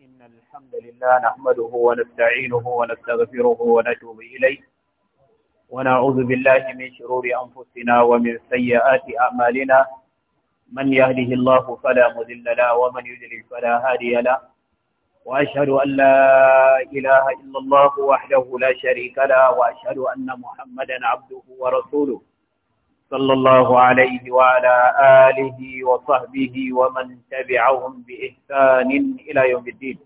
إن الحمد لله نحمده ونستعينه ونستغفره ونتوب إليه ونعوذ بالله من شرور أنفسنا ومن سيئات أعمالنا من يهده الله فلا مذل له ومن يذلل فلا هادي له وأشهد أن لا إله إلا الله وحده لا شريك له وأشهد أن محمدا عبده ورسوله صلى الله عليه وعلى آله وصحبه ومن تبعهم بإحسان إلى يوم الدين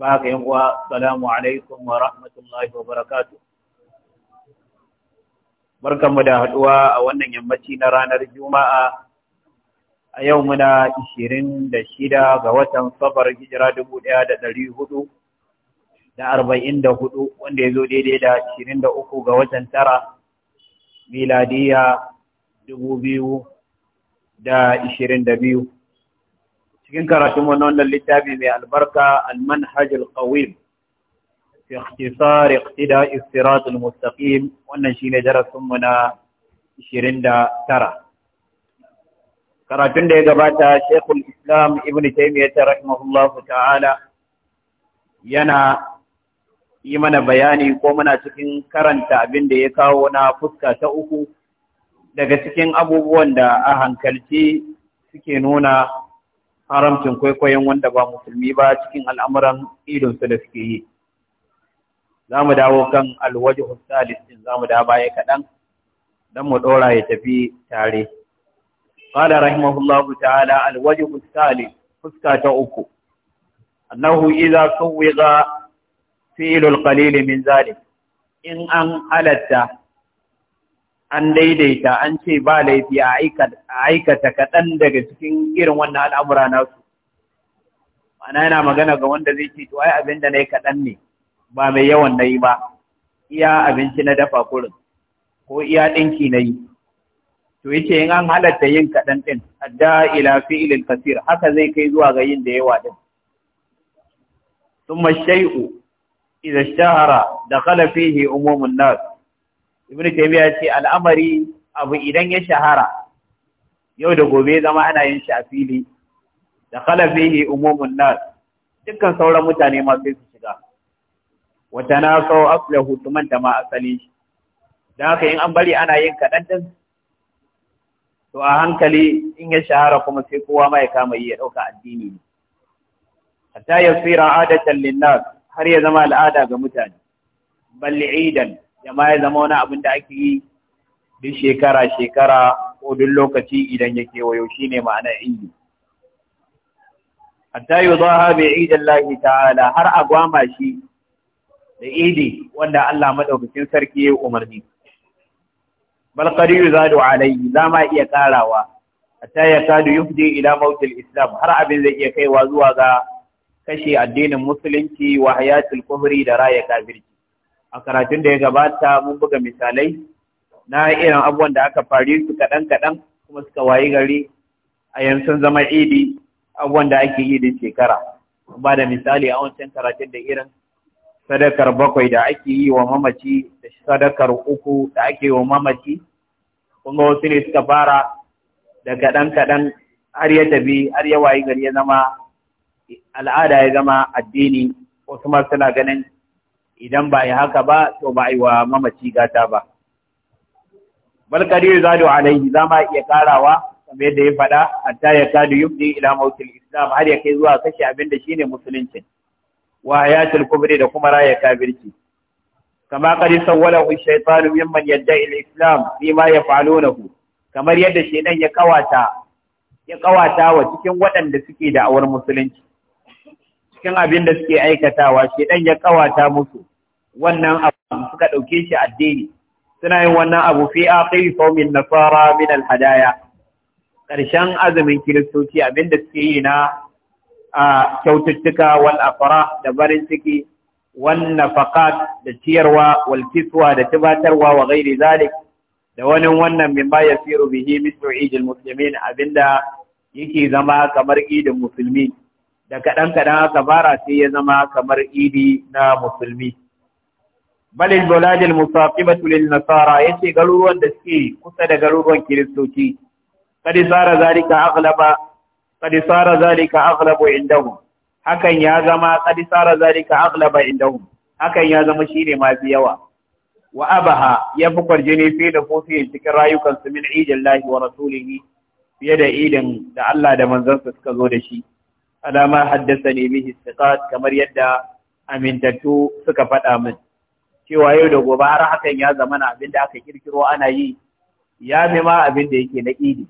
باقي هو السلام عليكم ورحمة الله وبركاته barkan mu da haduwa a wannan yammaci na ranar juma'a a yau muna 26 ga watan safar hijira 1444 wanda ya zo daidai da 23 ga watan tara miladiya dubu biyu da ishirin da biyu. Cikin karatun wannan littafi mai albarka al-manhaj al-qawim fi ikhtisar iqtida mustaqim wannan shine darasin mu na tara. Karatun da ya gabata Sheikhul Islam Ibn Taymiyyah rahimahullahu ta'ala yana yi mana bayani ko muna cikin karanta abin da ya kawo na fuska ta uku daga cikin abubuwan da a hankalci suke nuna haramcin kwaikwayon wanda ba musulmi ba cikin al'amuran idonsu da suke yi. Za mu dawo kan alwaji hussalistin ɗin za mu da baya kaɗan don mu ɗora ya tafi tare. Ƙada rahimahullahu ta'ala alwaji Husalis fuska ta uku. Annahu iza fi'ilul qalili min zalik in an halatta an daidaita an ce ba laifi a aikata kaɗan daga cikin irin wannan al'amura nasu. ma'ana yana magana ga wanda zai ce, to ai abin da na yi kaɗan ne, ba mai yawan na yi ba, iya abinci na dafa kurin, ko iya ɗinki na yi. To yace in an halatta yin kaɗan ɗin, adda ila fi'ilin kasir, haka zai kai zuwa ga yin da yawa ɗin. Sun shai'u idza ishtahara dakhala fihi umumun nas ibnu taymiya ce al'amari abu idan ya shahara yau da gobe zama ana yin shi a fili dakhala fihi umumun nas dukkan sauran mutane ma sai su shiga wa tanasau aslahu tuman da ma asali dan haka in an bari ana yin kaɗan din to a hankali in ya shahara kuma sai kowa ma ya kama yi ya ɗauka addini hatta yasira adatan linnas har ya zama al'ada ga mutane balli idan ma ya zama wani abin da ake yi duk shekara shekara ko duk lokaci idan ya kewayo shine ma'ana idi hatta zuwa bi idan lahi ta'ala har a gwama shi da idi wanda Allah maɗaukacin sarki ya umarni bal za da alayhi za ma iya karawa hatta yakadu yufdi ila mautil islam har abin zai iya kaiwa zuwa ga kashe addinin musulunci wa hayatul kufri da raya kafirci a karatun da ya gabata mun buga misalai na irin abubuwan da aka fari su kaɗan kaɗan kuma suka wayi gari a yanzu zama idi abubuwan da ake yi da shekara ba da misali a wancan karatun da irin sadakar bakwai da ake yi wa mamaci da sadakar uku da ake yi wa mamaci kuma wasu ne suka fara da kaɗan kaɗan har ya tafi har ya wayi gari ya zama al'ada ya zama addini wasu ma suna ganin idan ba yi haka ba to ba yi wa mamaci gata ba balkadir zadu alaihi za ma iya karawa kamar yadda ya faɗa hatta ya kadu yubdi ila mautil islam har ya kai zuwa kashe abin da shine musulunci wa hayatul kubri da kuma raya kafirci kama qad sawwalahu hu shaytanu mimman yadda'i al-islam bima yaf'alunahu kamar yadda shedan ya kawata ya kawata wa cikin waɗanda suke da awar musulunci cikin abin da suke aikatawa shedan ya kawata musu wannan abu suka dauke shi addini suna yin wannan abu fi aqi fawmin nasara min alhadaya karshen azumin kiristoci abin da suke yi na a kyaututtuka wal afara da barin ciki wan nafaqat da ciyarwa wal kiswa da tubatarwa wa ghairi zalik da wani wannan min ba yasiru bihi mislu idil muslimin abinda yake zama kamar idin musulmi da kaɗan kaɗan aka fara sai ya zama kamar idi na musulmi balil boladil musaqibatu lil nasara yace garuruwan da suke kusa da garuruwan kiristoci kadi sara zalika aghlaba kadi sara zalika aghlabu indahu hakan ya zama kadi sara zalika aghlaba indahu hakan ya zama shine mafi yawa wa abaha ya fi kwarjini fi da kofi cikin rayukansu min idin lahi wa rasulihi fiye da idin da Allah da manzansa suka zo da shi ala ma ne bihi istiqat kamar yadda amintattu suka faɗa min cewa yau da gobe har hakan ya zama na abin da aka kirkiro ana yi ya bi ma abin da yake na idi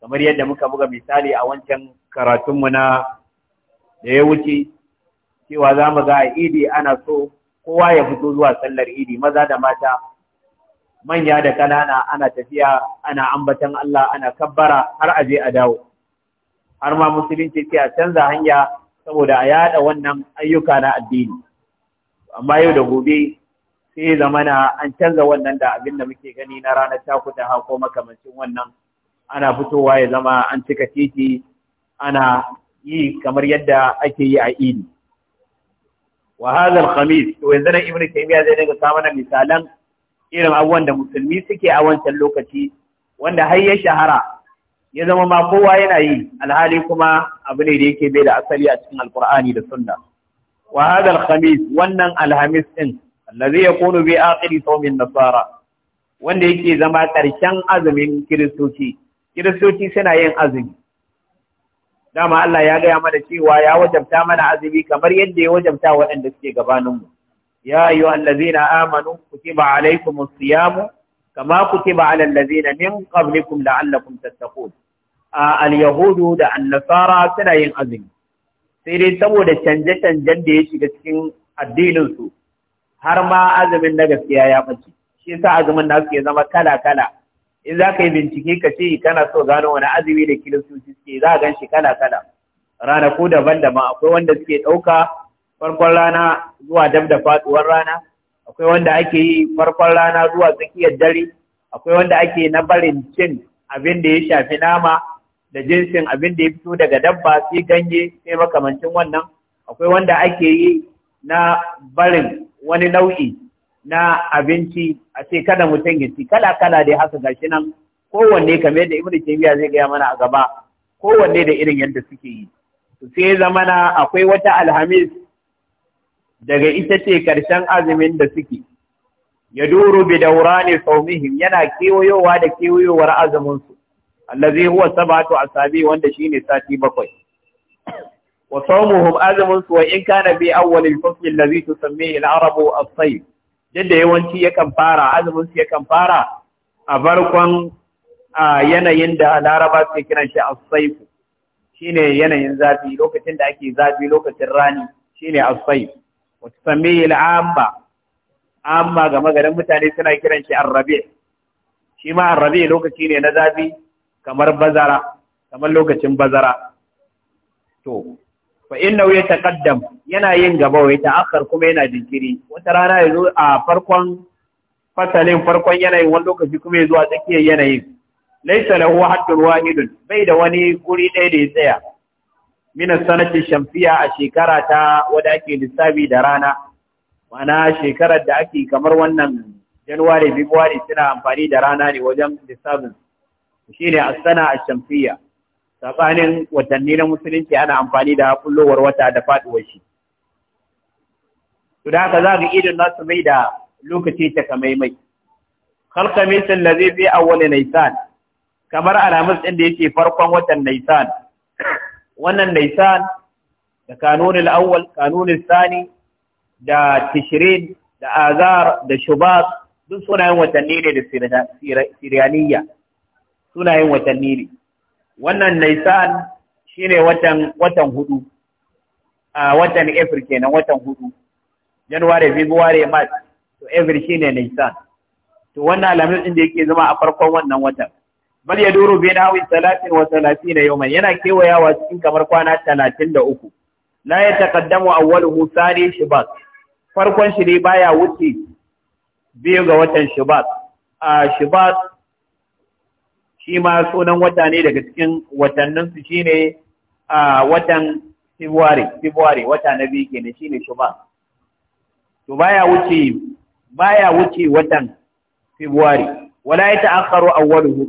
kamar yadda muka buga misali a wancan karatunmu na da ya wuce cewa za mu ga idi ana so kowa ya fito zuwa sallar idi maza da mata manya da ƙanana, ana tafiya ana ambatan Allah ana kabbara har aje a dawo har ma musulunci ce a canza hanya saboda a yada wannan ayyuka na addini amma yau da gobe sai ya zama an canza wannan da abin da muke gani na ranar takuta ha ko makamancin wannan ana fitowa ya zama an cika titi ana yi kamar yadda ake yi a idi wa hadha al-khamis to yanzu nan ibnu taymiya zai daga samu misalan irin abubuwan da musulmi suke a wancan lokaci wanda har ya shahara ya zama ma kowa yana yi alhali kuma abu ne da yake bai da asali a cikin alkur'ani da sunna wa hadha al-khamis wannan alhamis din allazi yakunu bi akhiri sawmin nasara wanda yake zama karshen azumin kiristoci kiristoci suna yin azumi dama Allah ya gaya mana cewa ya wajabta mana azumi kamar yadda ya wajabta waɗanda suke gabaninmu ya ayyuhallazina amanu kutiba alaykumus siyamu kama kutiba ala allazina min qablikum la'allakum tattaqun a al-yahudu da an-nasara suna yin azumi sai dai saboda canje-canjen da ya shiga cikin addininsu, har ma azumin na gaskiya ya bace shi yasa azumin na ke zama kala-kala in za ka yi bincike ka ce kana so gano wani azumi da kiristoci suke za a gan shi kala-kala ranaku daban-daban akwai wanda suke ɗauka farkon rana zuwa dab da faɗuwar rana akwai wanda ake yi farkon rana zuwa tsakiyar dare akwai wanda ake na barin cin abin da ya shafi nama da jinsin abin da ya fito daga dabba sai ganye sai makamancin wannan akwai wanda ake yi na barin wani nau'i na abinci a ce kada mutum ya ci kala kala dai haka gashi nan kowanne kamar yadda ibnu taymiya zai gaya mana a gaba kowanne da irin yadda suke yi sai zamana akwai wata alhamis daga ita ce ƙarshen azumin da suke ya duru bi ne saumihim yana kewayowa da kewayowar azuminsu allazi huwa sabatu asabi wanda shine sati bakwai wa saumuhum azuminsu wa in kana bi awwal al-fasl allazi sami al'arabu a sai, Duk yadda yawanci yakan fara azuminsu yakan fara a farkon yanayin da laraba suke kiran shi a as shi shine yanayin zafi lokacin da ake zafi lokacin rani shine a sayf wata samiyi amma ga magarin mutane suna kiran shi arrabe shi ma arrabe lokaci ne na zafi kamar bazara kamar lokacin bazara to fa inna ya taqaddam yana yin gaba wai ta'akhkhar kuma yana jinkiri wata rana ya zo a farkon fasalin farkon yanayin wani lokaci kuma ya a tsakiyar yanayin laisa lahu haddun wahidun bai da wani guri ɗaya da ya tsaya mina sanati shamsiya a shekara ta wadda ake lissafi da rana ma'ana shekarar da ake kamar wannan januwari february suna amfani da rana ne wajen lissafin shine ne a shamsiya Tsakanin watanni na musulunci ana amfani da kullowar wata da faduwar shi to da haka za ga idin nasu mai da lokaci ta kamaimai khalqa misal ladhi fi awwal nisan kamar alamus din da yake farkon watan nisan wannan Nisan, da kanunin awwal kanunin sani da tishirin da azar da shubab duk sunayen watanni ne da siriyaniya sunayen watanni ne wannan Nisan shine watan watan hudu a watan April kenan watan hudu January February March to April shine Nisan. to wannan alamun din da yake zama a farkon wannan watan bal yaduru bi nawi 33 wa salatina yawman yana kewayawa cikin kamar kwana talatin da uku la ya taqaddamu awwaluhu sani shibat farkon shi ne baya wuce biyu ga watan shibat a shibat shi ma sunan wata ne daga cikin watannin su shine a watan February February wata na biyu kenan shine shibat to baya wuce baya wuce watan February wala ya ta'akharu awwaluhu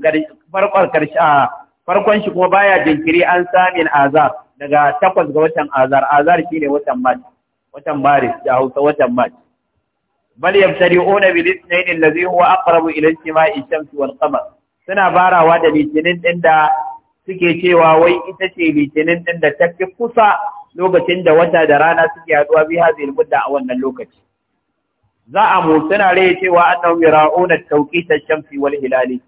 farkon a farkon shi kuma baya jinkiri an samin azar daga takwas ga watan azar azar shine watan mat watan maris da hausa watan mat bal yabtari'una bil ithnain allazi huwa aqrabu ila ijtima'i shamsi wal qamar suna barawa da litinin din da suke cewa wai ita ce litinin din da ta fi kusa lokacin da wata da rana suke haduwa bi hazil mudda a wannan lokaci za a mu suna rai cewa annahum yara'una tawqit ash-shamsi wal hilali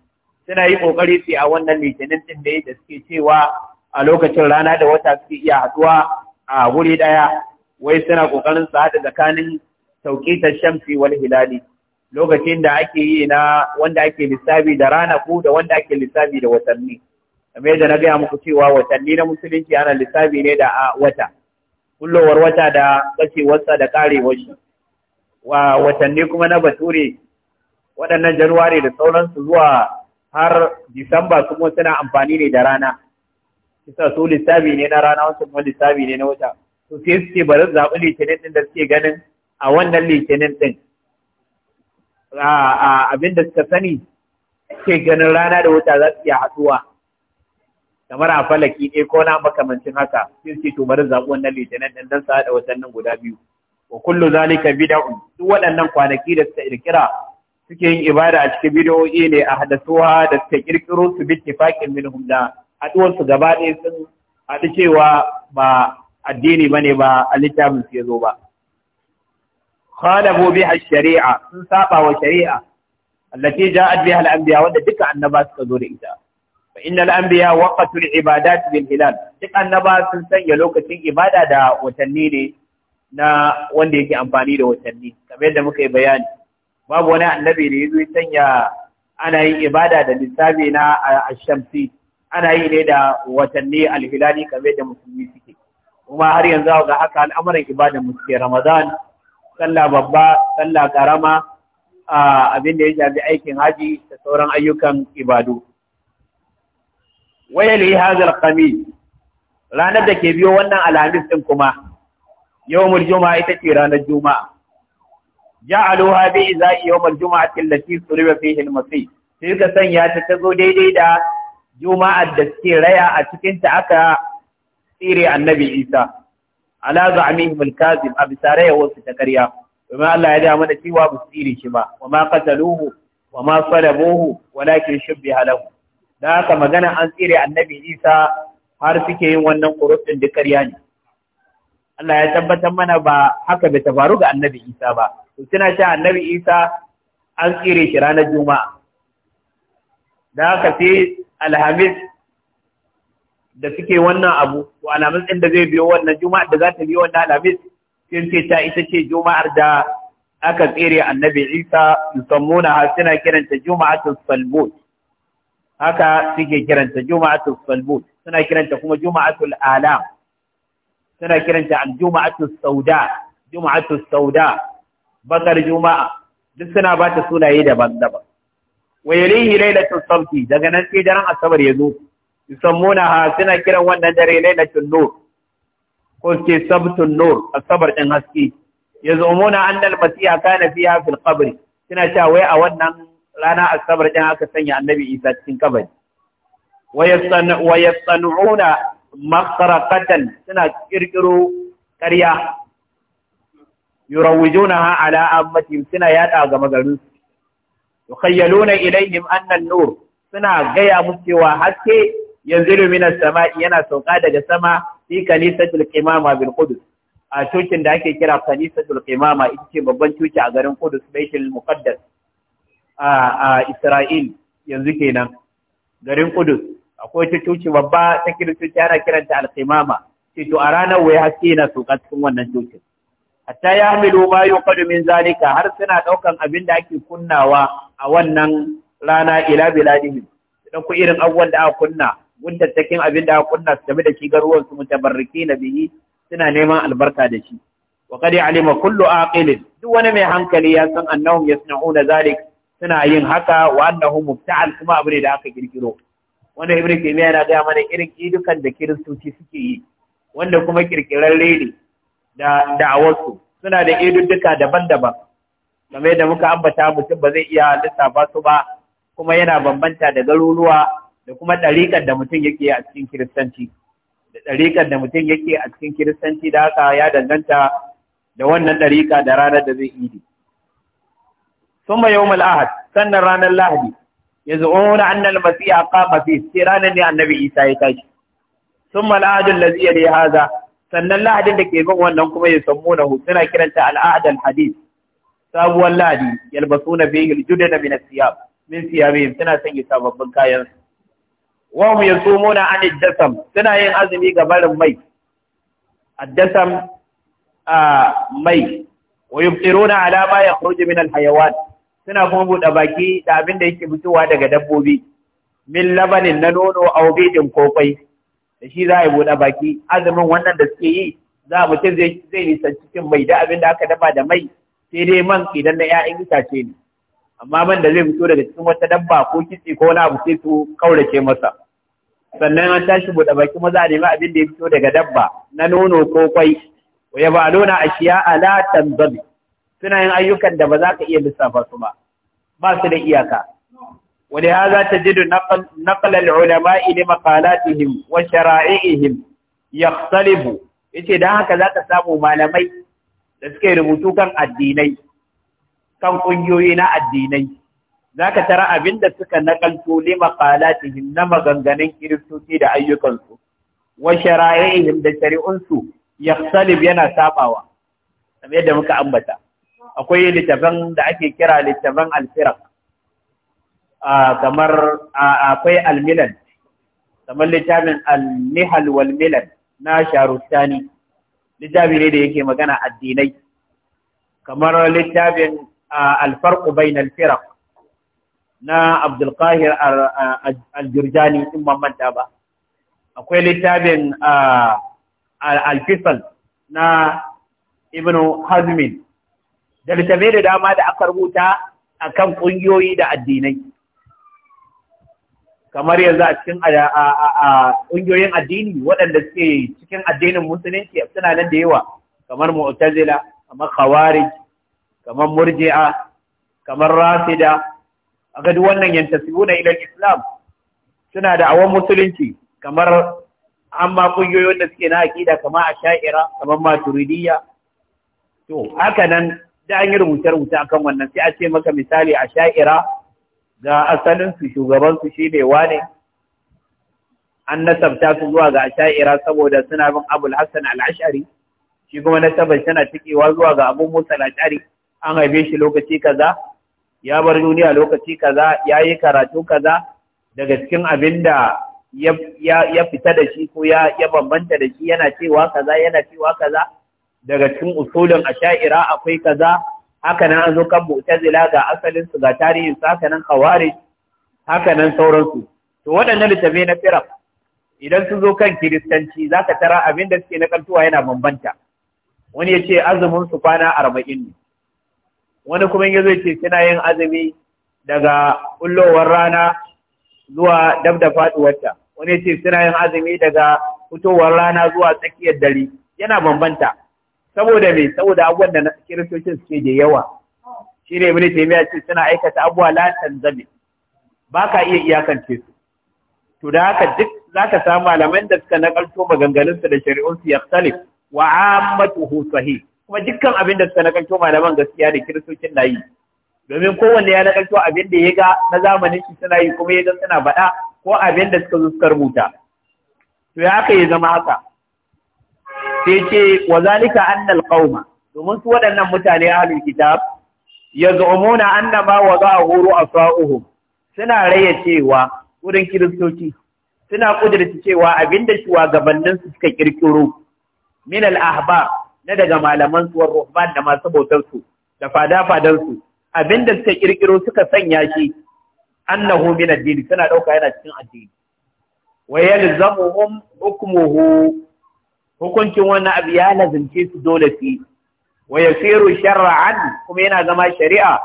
suna yi kokari su a wannan litinin din da da suke cewa a lokacin rana da wata suke iya haduwa a wuri daya wai suna kokarin su hada tsakanin tauqitar shamsi wal hilali lokacin da ake yi na wanda ake lissafi da rana ko da wanda ake lissafi da watanni kamar da na gaya muku cewa watanni na musulunci ana lissafi ne da wata kullowar wata da kashewarsa da karewar shi wa watanni kuma na bature waɗannan januwari da sauransu zuwa har Disamba kuma suna amfani ne da rana. Kisa su lissafi ne na rana wasu kuma lissafi ne na wata. Su sai suke bari zaɓi litinin ɗin da suke ganin a wannan litinin ɗin. Abin da suka sani suke ganin rana da wata za su iya haɗuwa. Kamar a falaki ne ko na makamancin haka sai suke to bari zaɓi wannan litinin ɗin don su haɗa watannin guda biyu. Wa kullu zalika bid'un duk waɗannan kwanaki da suka ƙirƙira suke yin ibada a cikin bidiyoyi ne a hadasuwa da suka kirkiro su bi tifakin minhum da haduwar su gaba ɗaya sun haɗu cewa ba addini ba ne ba a littafin su zo ba khalafu biha shari'a sun saba wa shari'a allati ja'at biha al-anbiya wanda duka annaba suka zo da ita fa innal anbiya waqatul ibadat bil hilal duk annaba sun sanya lokacin ibada da watanni ne na wanda yake amfani da watanni kamar yadda muka yi bayani babu wani annabi da ya zo sanya ana yin ibada da lissafi na ashamsi ana yi ne da watanni alhilali kamar da musulmi suke kuma har yanzu ga haka al'amuran ibada musulmi ramadan sallah babba sallah karama abin da ya shafi aikin haji da sauran ayyukan ibadu wayali hazal qamis ranar da ke biyo wannan alhamis din kuma yau juma'a ita ce ranar juma'a ja'aluha bi iza'i yawm al-jum'ati allati suriba fihi al-masih sai ka sanya ta ta zo daidai da juma'ar da suke raya a cikin ta aka tsire annabi Isa ala za'amihim al-kazib a saraya wasu ta ƙarya kuma Allah ya da mana cewa bu su tsire shi ba wa ma qataluhu wa ma salabuhu walakin shubbiha lahu da haka magana an tsire annabi Isa har suke yin wannan kurutun da ƙarya ne Allah ya tabbatar mana ba haka bai ta faru ga annabi Isa ba suna ce annabi isa an tsire shi ranar juma'a da aka sai alhamis da suke wannan abu ko alhamis inda zai biyo wannan Juma'a da za ta biyo wannan alhamis sun ce ta ita ce juma'ar da aka tsere annabi isa musammuna har suna kiranta Juma'a ta salbut haka suke kiranta Juma'a ta salbut suna kiranta kuma Juma'a juma'atul alam suna kiranta al sauda sauda bakar juma'a duk suna ba ta sunaye daban-daban wa yalihi lailatul sabti daga nan sai daren asabar ya zo yusammuna ha suna kiran wannan dare lailatul nur ko ke sabtun nur asabar ɗin haske yazumuna anna al-masiha kana fiha fil qabr suna cewa wai a wannan rana asabar ɗin aka sanya annabi isa cikin kabari wa yasanuna makhrakatan suna ƙirƙiro ƙarya ha ala ammatihim suna yada ga magarin su yukhayyaluna ilaihim anna an-nur suna gaya musu cewa haske yanzu lumina samai yana sauka daga sama fi kanisatul qimama bil qudus a cocin da ake kira kanisatul qimama ita ce babban coci a garin qudus baitul muqaddas a isra'il yanzu kenan garin qudus akwai wata coci babba ta kiristoci ana kiranta al-qimama ce to a ranar wai haske yana sauka cikin wannan cocin hatta ya hamilu ma min zalika har suna ɗaukan abin da ake kunnawa a wannan rana ila biladihim idan ku irin abubuwan da aka kunna guntattakin abin da aka kunna su tafi da shi garuwan su mutabarriki na bihi suna neman albarka da shi wa qad alima kullu aqilin duk wani mai hankali ya san annahum yasna'una zalik suna yin haka wa annahum mubta'al kuma abu da aka kirkiro wanda ibrahim ya yana ga mana irin idukan da kiristoci suke yi wanda kuma kirkirar ne da da'awarsu suna da idudduka daban-daban game da muka ambata mutum ba zai iya lissafa su ba kuma yana bambanta da garuruwa da kuma ɗariƙar da mutum yake a cikin kiristanci da ɗariƙar da mutum yake a cikin kiristanci da haka ya danganta da wannan ɗariƙa da ranar da zai idi ba yau ahad sannan ranar lahadi ya yaz'una anna al-masih qama sai ranar ne annabi isa ya tashi sun al lazi ya ne haza. sannan lahadin da ke bin wannan kuma ya san muna hu suna kiranta al'ahad al-hadith sabuwar lahadi yalbasuna bihi al-judda min as-siyab min siyabihim suna sanya sababbin kayan wa hum yasumuna an ad-dasam suna yin azumi ga barin mai ad-dasam a mai wa yubtiruna ala ma yakhruju min al-hayawan suna kuma buɗe baki da abin da yake fitowa daga dabbobi min labanin na nono a bidin ko da shi za a yi buɗe baki azumin wannan da suke yi za a mutum zai nisanci cikin mai da abin da aka dafa da mai sai dai man idan na 'ya'yan itace ne amma man da zai fito daga cikin wata dabba ko kitse ko wani abu sai su kaurace masa sannan an tashi buɗe baki maza a nemi abin da ya fito daga dabba na nono ko kwai wa ya ba nuna a shiya ala tanzabi suna yin ayyukan da ba za ka iya lissafa su ba ba su da iyaka ولهذا تجد نقل, نقل العلماء لمقالاتهم وشرائعهم يختلف yace dan haka zaka samu malamai da suke rubutu kan addinai kan kungiyoyi na addinai zaka tara abinda suka nakalto li maqalatihim na maganganun kiristoci da ayyukansu wa shara'i'ihim da shari'unsu yakhtalif yana saɓawa. kamar yadda muka ambata akwai littafan da ake kira littafan al kamar akwai almilan kamar littafin al-Nihal wal milan na sharustani littafi ne da yake magana addinai kamar littafin alfarqu bainal firaq na abdul qahir al-jurjani in ban ba akwai littafin al-fisal na ibnu hazmin da littafai da dama da aka rubuta akan kungiyoyi da addinai kamar yanzu a cikin ƙungiyoyin addini waɗanda suke cikin addinin musulunci suna nan da yawa kamar mu'tazila kamar khawarij kamar murji'a kamar rafida aga duk wannan yantasibuna ila islam suna da awon musulunci kamar amma ƙungiyoyin da suke na aƙida kamar asha'ira kamar maturidiyya to haka nan da an yi rubuce-rubuce akan wannan sai a ce maka misali a Sha'ira. ga su shugabansu shi ne wane an nasabta su zuwa ga asha'ira saboda suna bin abul hassan al'ashari shi kuma nasabar tana cikewa zuwa ga abu musa al'ashari an haife shi lokaci kaza ya bar duniya lokaci kaza ya yi karatu kaza daga cikin abin da ya fita da shi ko ya bambanta da shi yana cewa kaza yana cewa kaza daga cikin usulin asha'ira akwai kaza haka nan an zo kan mu'tazila ga asalin su ga tarihin su haka nan khawarij haka nan sauransu to waɗannan littafi na firaq idan sun zo kan kiristanci zaka tara abin da suke na kantuwa yana bambanta wani ya ce azumin su kwana arba'in ne wani kuma ya zo ce suna yin azumi daga kullowar rana zuwa dab da faduwarta wani ya ce suna yin azumi daga fitowar rana zuwa tsakiyar dare yana bambanta saboda mai saboda abubuwan da kiristocin suke da yawa shi ne mini taimiya ce suna aikata abuwa la zabe. ba ka iya iyakance su to da haka duk za ka samu malaman da suka nakalto maganganun su da shari'un su yaktalif wa ammatuhu sahih kuma dukkan abin da suka nakalto malaman gaskiya da kiristocin na yi domin kowanne ya nakalto abin da ya ga na zamanin shi suna yi kuma ya ga suna baɗa ko abin da suka zo suka rubuta to ya haka ya zama haka sai ce wa zalika annal qauma domin su waɗannan mutane ahlul kitab yaz'umuna annama wada'ahu ru'asa'uhum suna raye cewa wurin kiristoci suna kudurta cewa abinda shugabannin su suka kirkiro min al-ahba na daga malaman su ruhban da masu bautar su da fada-fadan su abinda suka kirkiro suka sanya shi annahu min ad-din suna dauka yana cikin addini wa yalzamuhum hukmuhu hukuncin wannan abu ya lazimce su dole su yi wa yasiru shar'an kuma yana zama shari'a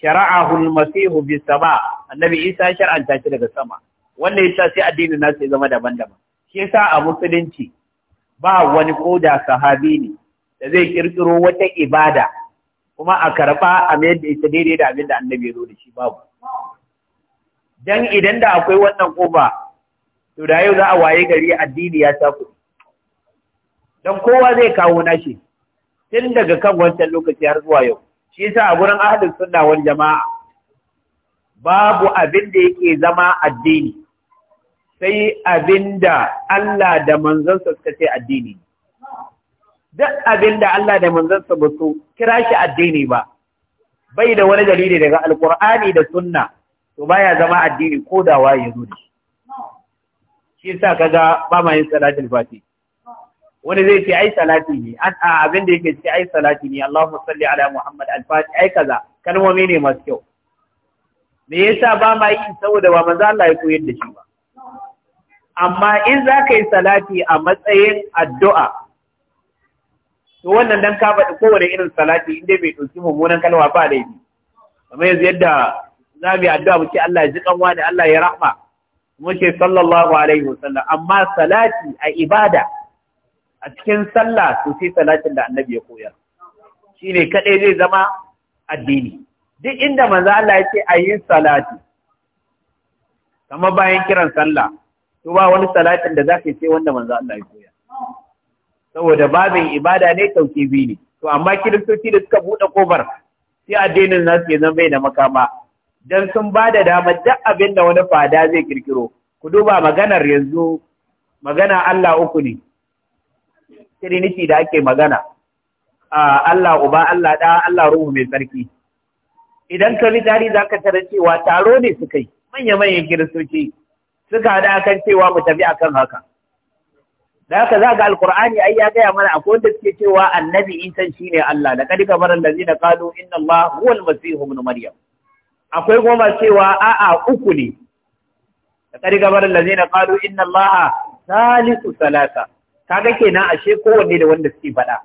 Shari'a al-masihu sama annabi isa shar'anta shi daga sama wannan yasa sai addinin nasu ya zama daban-daban shi yasa a musulunci ba wani koda sahabi ne da zai kirkiro wata ibada kuma a karba a mayar da ita daidai da abin da annabi ya zo shi babu dan idan da akwai wannan koba to da yau za a waye gari addini ya sa kuɗi Don kowa zai kawo nashi tun daga kan wancan lokaci har zuwa yau shi yasa a gurin ahlus sunna wani jama'a babu abin da yake zama addini sai abin da Allah da manzansa suka ce addini duk abin da Allah da manzansa ba su kira shi addini ba bai da wani dalili daga alkur'ani da sunna to baya zama addini ko da waye zo da shi yasa kaga ba ma yin salatul fati wani zai ce ai salati ne an a abin da yake ce ai salati ne Allahumma salli ala Muhammad al-Fati ai kaza kalmomi ne masu kyau me yasa ba ma yi saboda ba manzo Allah ya koyar da shi ba amma in za ka yi salati a matsayin addu'a to wannan dan ka faɗi kowane irin salati inda bai ɗauki mummunan kalma ba laifi kamar yanzu yadda za mu yi addu'a muke Allah ya ji kanwa da Allah ya rahma muke sallallahu alaihi wasallam amma salati a ibada a cikin sallah to sai salatin da annabi ya koyar shine kadai zai zama addini duk inda manzo Allah ya ce ayi salati kamar bayan kiran sallah to ba wani salatin da zai ce wanda manzo Allah ya koyar saboda babin ibada ne tauqibi ne to amma kiristoci da suka buɗe kofar sai addinin su ya zama bai da makama dan sun ba da dama duk abin da wani fada zai kirkiro ku duba maganar yanzu magana Allah uku ne trinity da ake magana Allah uba Allah ɗa Allah ruhu mai tsarki idan ka bi tari za ka tara cewa taro ne suka yi manya-manyan kiristoci suka hada kan cewa mu tafi akan haka da haka za ga Alƙur'ani ai ya gaya mana akwai wanda suke cewa annabi shi shine Allah da kadi kamar allazina qalu inna Allah huwa masu ibn maryam akwai goma cewa a'a uku ne da kadi kamar allazina qalu inna Allah salisu salasa kaga kenan ashe kowanne da wanda suke faɗa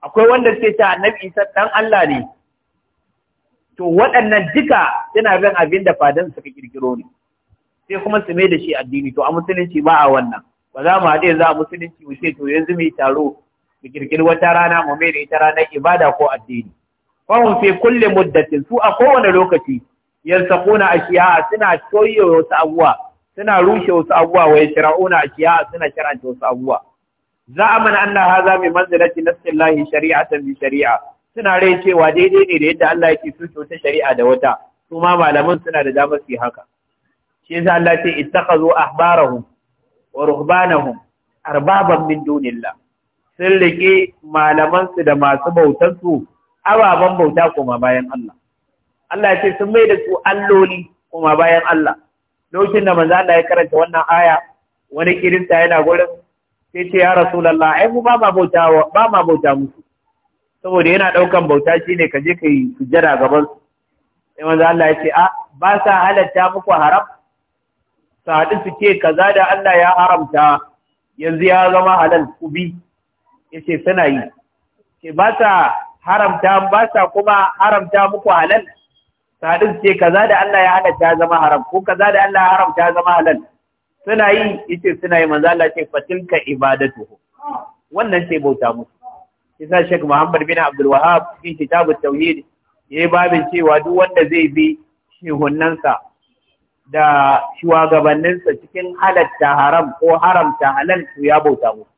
akwai wanda suke ta annabi isa dan Allah ne to waɗannan duka yana bin abin da fadan suka kirkiro ne sai kuma su mai da shi addini to a musulunci ba a wannan ba za mu haɗe za a musulunci mu ce to yanzu mu yi taro mu kirkiri wata rana mu mai da ita ranar ibada ko addini fahim fi kulle muddatin su a kowane lokaci kuna ashiya suna wa wasu abuwa suna rushe wasu abubuwa wa a kiya suna shar'anta wasu abubuwa za'aman anna hadha min manzilati nasillahi shari'atan bi shari'a suna rai cewa daidai ne da yadda Allah yake so ta shari'a da wata su ma malaman suna da damar su haka shi yasa Allah ce zo ahbarahum wa ruhbanahum arbaban min dunillah sun rike malaman su da masu bautar su ababan bauta kuma bayan Allah Allah ya ce sun mai da su alloli kuma bayan Allah lokacin da manzo Allah ya karanta wannan aya wani kirista yana gurin sai ce ya rasulullah ai mu ba ma bauta ba ma bauta musu saboda yana daukan bauta shine ka je kai sujjada gaban su sai manzo Allah ya ce a ba sa halatta muku haram su su ce kaza da Allah ya haramta yanzu ya zama halal ku bi yace suna yi ke ba sa haramta ba sa kuma haramta muku halal sadis ce kaza da Allah ya halatta ya zama haram ko kaza da Allah ya haramta ta zama halal suna yi yace suna yi manzo Allah ce fatilka ibadatuhu wannan sai bauta musu Kisa Sheikh Muhammad bin Abdul Wahhab cikin kitabut tauhid yayi babin cewa duk wanda zai bi shehunnansa da shugabanninsa cikin halatta haram ko haramta halal to ya bauta musu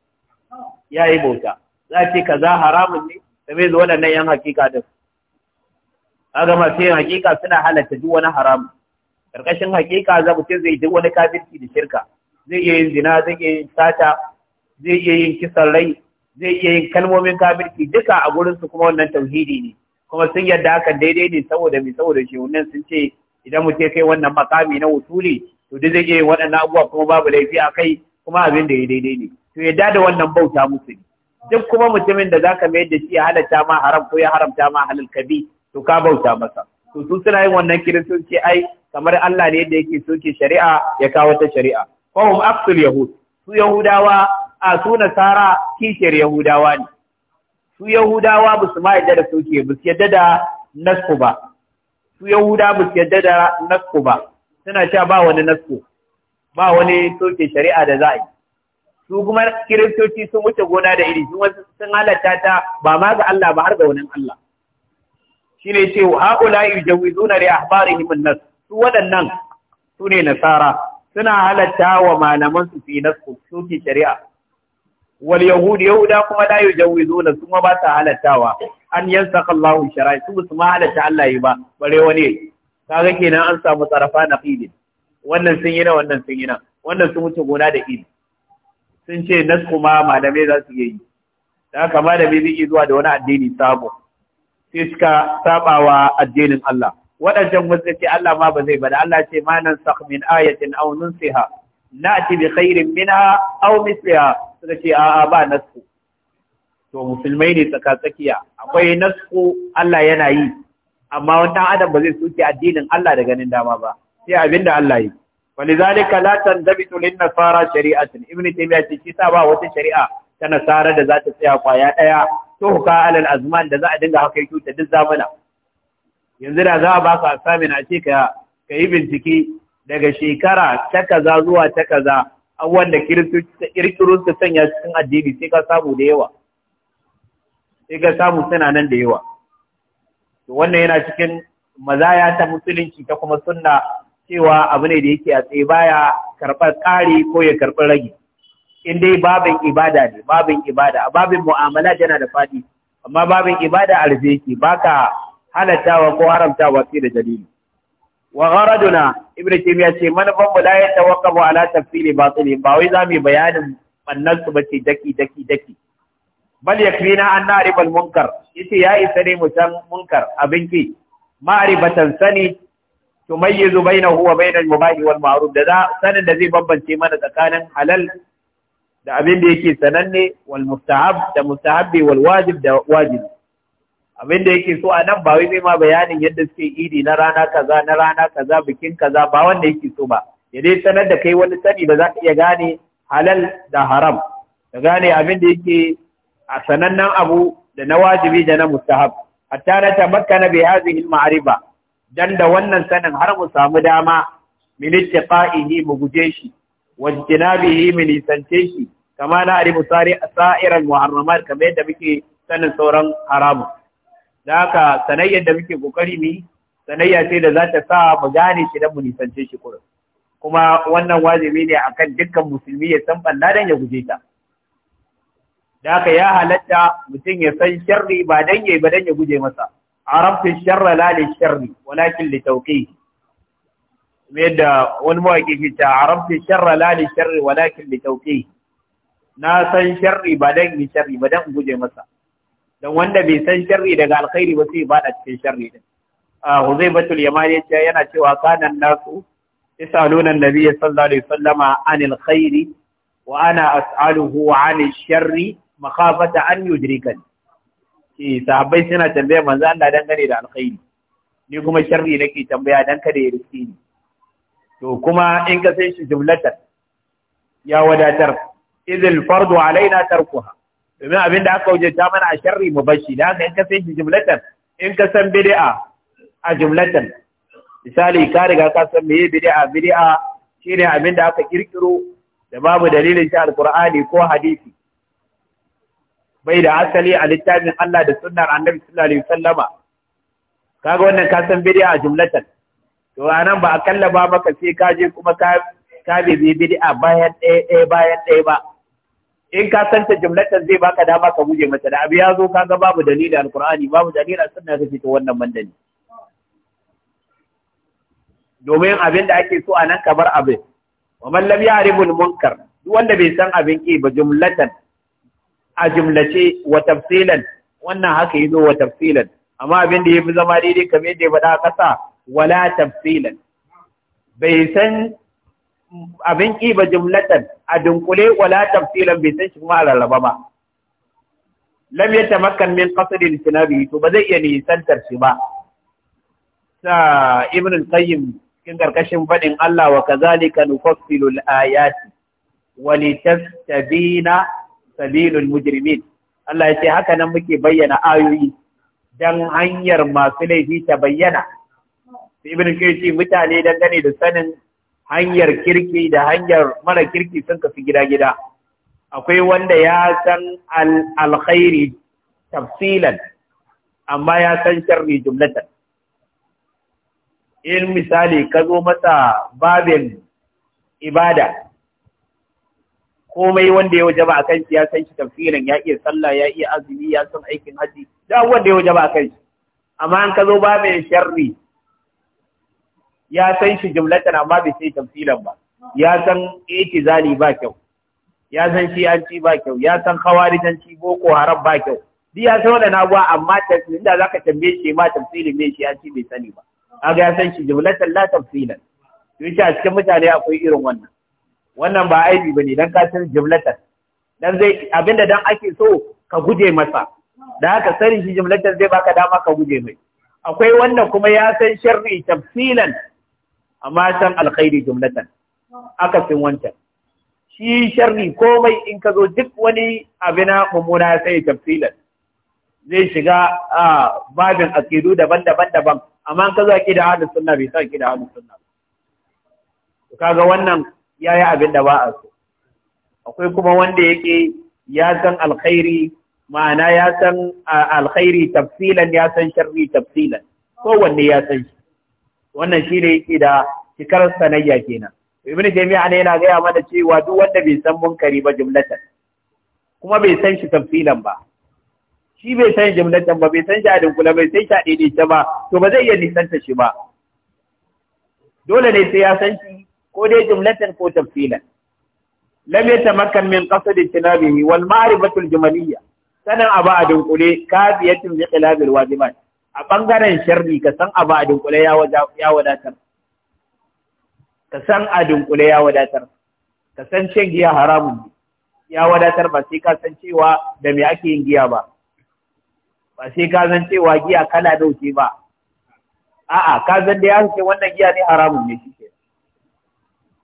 yayi bauta za ce kaza haramun ne da bai zo yan hakika din kaga ma sai hakika suna halatta duk wani haram karkashin hakika za mu ce zai duk wani kafirci da shirka zai iya yin zina zai iya yin sata zai iya yin kisan rai zai iya yin kalmomin kafirci duka a gurin su kuma wannan tauhidi ne kuma sun yarda hakan daidai ne saboda mai saboda shi wannan sun ce idan mu ce kai wannan makami na wusuli to duk zai iya yin waɗannan abubuwa kuma babu laifi a kai kuma abin da ya daidai ne to yarda da wannan bauta musu ne duk kuma mutumin da zaka mayar da shi ya halatta ma haram ko ya haramta ma halal kabi to ka bauta masa to su suna yin wannan kiristoci ai kamar Allah ne da yake soke shari'a ya kawo ta shari'a fahum aqsul yahud su yahudawa a su nasara kishiyar yahudawa ne su yahudawa ba su ma yadda da soke ba su yadda da nasku ba su yahuda ba su yadda da nasku ba suna cewa ba wani nasku ba wani soke shari'a da za a yi su kuma kiristoci sun wuce gona da iri sun halatta ta ba ma ga Allah ba har ga wani Allah Shi ne ce wa? haula yujawizuna li ahbarihim an-nas su waɗannan su ne nasara suna halatta wa malaman su fi nasu suke shari'a wal yahudi yahuda kuma la yujawizuna su ma ba ta halattawa an yansaka Allah shari'a su su ma halatta Allah yi ba bare wani kaga kenan an samu tsarafa na fili wannan sun yi na wannan sun yi na wannan sun wuce gona da ili sun ce nas kuma malamai za su yi da haka malami zai zuwa da wani addini sabo sai suka sabawa addinin Allah waɗancan wasu ce Allah ma ba zai ba da Allah ce ma nan sa min ayatin aw nunsiha na'ti bi khairin minha aw misliha suka ce a'a ba nasu to musulmai ne tsaka tsakiya akwai nasu Allah yana yi amma wannan adam ba zai suke addinin Allah da ganin dama ba sai abinda Allah yi walidhalika la tanzabitu lin nasara shari'atan ibnu taymiyyah ce ta ba wata shari'a ta nasara da za ta tsaya kwaya daya tuhuka alal azman da za a dinga haka yake ta duk zamana yanzu da za a ba ka assignment a ce ka kai yi bincike daga shekara ta kaza zuwa ta kaza an da kiristoci ta su sanya cikin addini sai ka samu da yawa sai ka samu suna nan da yawa to wannan yana cikin mazaya ta musulunci ta kuma sunna cewa abu ne da yake a tsaye baya karɓar ƙari ko ya karɓi rage in dai babin ibada ne babin ibada babin mu'amala yana da fadi amma babin ibada arziki baka halatawa ko haramtawa fi da dalili wa gharaduna ibnu taymiya ce manufan mu la yatawaqqafu ala tafsiri batili ba wai yi bayanin annan su ce daki daki daki bal yakfina an na'rif munkar yace ya isa ne mu san munkar abin ki ma'rifatan sani tumayyizu bainahu wa bainal mubahi wal ma'ruf da sanin da zai bambance mana tsakanin halal da abin da yake sananne wal mustahab da mustahabbi wal wajib da wajibi abin da yake so a nan ba wai zai ma bayanin yadda suke idi na rana kaza na rana kaza bikin kaza ba wanda yake so ba ya dai sanar da kai wani sani da za ka iya gane halal da haram ka gane abin da yake a sanannen abu da na wajibi da na mustahab hatta na bai bi hadhihi al-ma'rifa dan da wannan sanin har mu samu dama min ittiqa'ihi mu guje shi bihi min nisance shi kama na arifu sa'iran haramat kamar yadda muke sanin sauran haramun da haka sanayyar da muke kokari mi sanayya ce da za ta sa mu gane shi don mu nisance shi kurin kuma wannan wajibi ne akan dukkan musulmi ya san balla dan ya guje ta da haka ya halatta mutum ya san sharri ba dan yi ba dan ya guje masa arabtu sharra la li sharri walakin li tawqihi kuma yadda wani mawaƙi ke ta haramta sharra la li sharri walakin li tawqi na san sharri ba dan ni sharri ba dan guje masa dan wanda bai san sharri daga alkhairi ba sai bada cikin sharri din a ah, huzaibatul yamani ce yana cewa kanan nasu isalunan annabiyyi sallallahu alaihi wasallama anil khairi wa ana as'aluhu anil sharri makhafata an yudrikan ce sahabbai suna tambaya manzo Allah gane da alkhairi ni kuma sharri nake tambaya dan kada ya riske ni to kuma in ka san shi jumlatan ya wadatar idil fardu alaina tarkuha domin abin da aka wajenta mana a sharri mu bashi da haka in ka san shi jumlatan in ka san bid'a a jumlatan misali ka riga ka san meye bid'a bid'a shine abin da aka kirkiro da babu dalilin shi alqur'ani ko hadisi bai da asali a littafin Allah da sunnar Annabi sallallahu alaihi wasallama kaga wannan ka san bid'a a jumlatan to ba a kalla ba maka sai ka je kuma ka ka bebe bid'a bayan ɗaya ɗaya bayan ɗaya ba in ka santa jumlatan zai baka dama ka buje mata da abu ya zo kaga babu dalili alqur'ani babu dalili sunna kace ta wannan mandani domin abin da ake so a nan kamar abin wa man lam ya'riful munkar duk wanda bai san abin ke ba jumlatan a jumlace wa tafsilan wannan haka yazo wa tafsilan amma abin da yafi zama daidai kamar yadda ya faɗa ƙasa wala tafsilan bai san abin kiba jumlatan a dunkule wala tafsilan bai san shi kuma a rarraba ba lam yatamakkan min qasdin sinabi to ba zai iya nisantar shi ba sa ibn al-qayyim cikin karkashin fadin Allah wa kazalika nufassilu al-ayati wa litastabina sabilul mujrimin Allah ya ce haka nan muke bayyana ayoyi dan hanyar masu laifi ta bayyana ibn kirki mutane dangane da sanin hanyar kirki da hanyar mara kirki sun kafi gida-gida akwai wanda ya san alkhairi tafsilan amma ya san sharri jumlatan in misali ka zo masa babin ibada komai wanda ya waje ba a kanshi ya san shi tafsirin ya iya sallah ya iya azumi ya san aikin haji da wanda ya waje ba a kanshi amma an ka zo babin sharri ya san shi jumlatan amma bai sai tamsilan ba ya san itizali ba kyau ya san shi an ci ba kyau ya san khawarijanci boko haram ba kyau duk ya san wannan abuwa amma tafsirin da zaka tambaye shi ma tafsirin me shi an ci bai sani ba kaga ya san shi jumlatan la tafsilan to yace a cikin mutane akwai irin wannan wannan ba aibi bane dan ka san jumlatan dan zai abinda dan ake so ka guje masa da haka sanin shi jumlatan zai baka dama ka guje mai akwai wannan kuma ya san sharri tafsilan amma san alkhairi jumlatan aka fin wancan shi sharri komai in ka zo duk wani abina mummuna sai tafsilan zai shiga a babin aqidu daban-daban daban amma ka zo aqida ahlus sunna bai san aqida ahlus sunna kaga wannan yayi abin da ba a so akwai kuma wanda yake ya san alkhairi ma'ana ya san alkhairi tafsilan ya san sharri tafsilan kowanne ya san shi wannan shi ne yake da cikar sanayya kenan ibn jami'a ne yana gaya mana cewa duk wanda bai san munkari ba jumlatan kuma bai san shi tafsilan ba shi bai san jumlatan ba bai san shi a dunkula bai san shi a daidaice ba to ba zai iya nisanta shi ba dole ne sai ya san shi ko dai jumlatan ko tafsilan lam yatamakkan min qasd tinabihi wal ma'rifatu al jumaliyya sanan aba a dunkule kafiyatin bi khilabil wajibat a ɓangaren sharri ka san abu a dunkule ya wadatar ka san a dunkule ya wadatar ka san shan giya haramun ne ya wadatar ba sai ka san cewa da me ake yin giya ba ba sai ka san cewa giya kala dauke ba a'a ka san da ya ce wannan giya ne haramun ne shike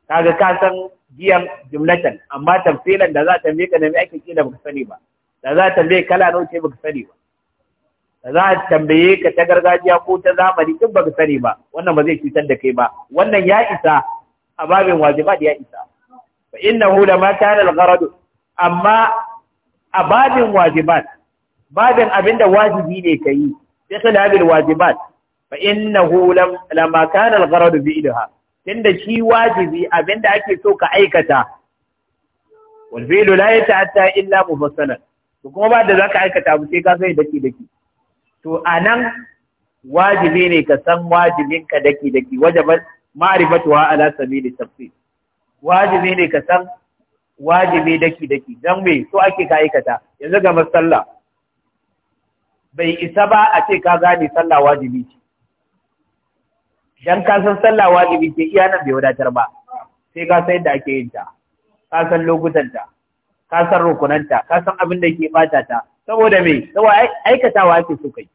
kaga ka san giyan jumlatan amma tafsilan da za ta tambaye ka da me ake kila baka sani ba da za ta tambaye kala ba baka sani ba za a tambaye ka ta gargajiya ko ta zamani duk baka sani ba wannan ba zai cutar da kai ba wannan ya isa a babin wajibat ya isa fa innahu lama kana al-gharad amma a babin wajibat babin abinda wajibi ne kai sai khilabil wajibat fa innahu lama kana al-gharad bi idha tunda shi wajibi abinda ake so ka aikata wal fi'lu la yata'atta illa mufassalan kuma ba da zaka aikata ba sai ka sai daki daki to anan wajibi ne ka san wajibinka daki daki wajaban ma'rifatuha ala da tafi wajibi ne ka san wajibi daki daki don me so ake ka aikata yanzu ga masalla bai isa ba a ce ka gane sallah wajibi ce Don ka san sallah wajibi ce iya nan bai wadatar ba sai ka san yadda ake yin ta ka san lokutanta ka san rukunanta ka san abin da ke bata ta saboda me saboda aikatawa ake so kai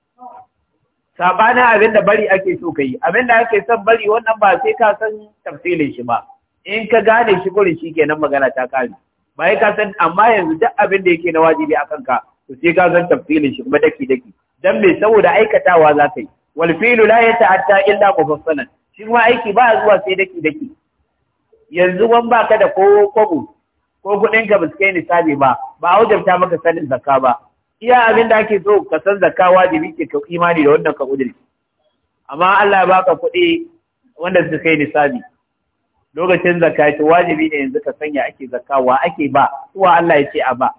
sabanin abinda bari ake so kai abinda ake son bari wannan ba sai ka san tafsilin shi ba in ka gane shi gurin shi kenan magana ta kare ba ka san amma yanzu duk abinda yake na wajibi akan ka to sai ka san tafsilin shi kuma daki daki dan me saboda aikatawa za ka wal filu la yata'atta illa mufassalan shi ma aiki ba zuwa sai daki daki yanzu ban baka da ko kwabo ko kudin ka biskai nisabi ba ba a wajabta maka sanin zakka ba iya abin da ake so ka san zakka wajibi ke ka imani da wannan ka kudirci amma Allah ya baka kuɗi wanda suka kai nisabi lokacin zakka ce wajibi ne yanzu ka sanya ake zakka wa ake ba kuwa Allah ya ce a ba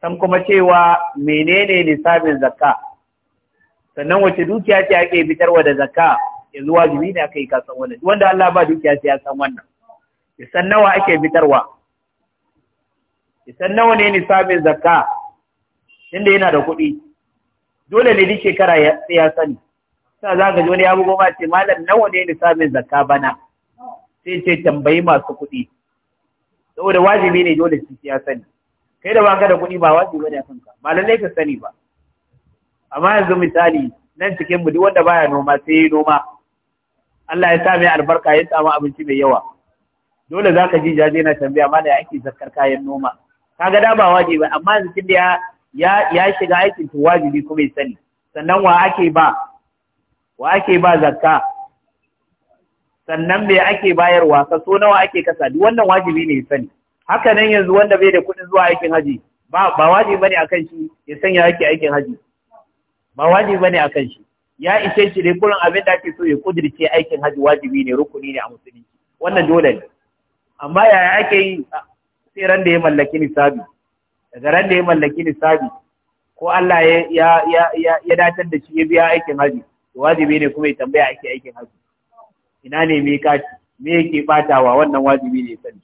san kuma cewa menene nisabin zakka sannan wace dukiya ce ake fitarwa da zakka yanzu wajibi ne aka yi kasan wannan wanda Allah ba dukiya ce ya san wannan ya san nawa ake fitarwa ya san nawa ne nisabin zakka inda yana da kuɗi dole ne duk shekara ya ya sani sa za ka ji wani ya bugo ma ce malam nawa ne sami zakka bana sai ce tambayi masu kuɗi saboda wajibi ne dole su ya sani kai da baka da kuɗi ba wajibi bane akan ka ba lallai ka sani ba amma yanzu misali nan cikin mu duk wanda baya noma sai noma Allah ya sa mai albarka ya samu abinci mai yawa dole zaka ji jaje na tambaya mana ya ake zakkar kayan noma kaga da ba wajibi amma yanzu kin da ya shiga aikin to wajibi kuma ya sani sannan wa ake ba wa ake ba zakka sannan me ake bayarwa kaso nawa ake kasa duk wannan wajibi ne ya sani haka nan yanzu wanda bai da kuɗin zuwa aikin haji ba ba wajibi bane akan shi ya sanya yake aikin haji ba wajibi bane akan shi ya ishe shi dai kullum abin da ake so ya kudirce aikin haji wajibi ne rukuni ne a musulunci wannan dole ne amma yaya ake yi sai ran da ya mallaki nisabi daga ran da ya mallaki lissafi ko Allah ya datar da shi ya biya aikin haji wajibi ne kuma ya tambaya ake aikin haji ina ne me kaci me yake batawa wannan wajibi ne sani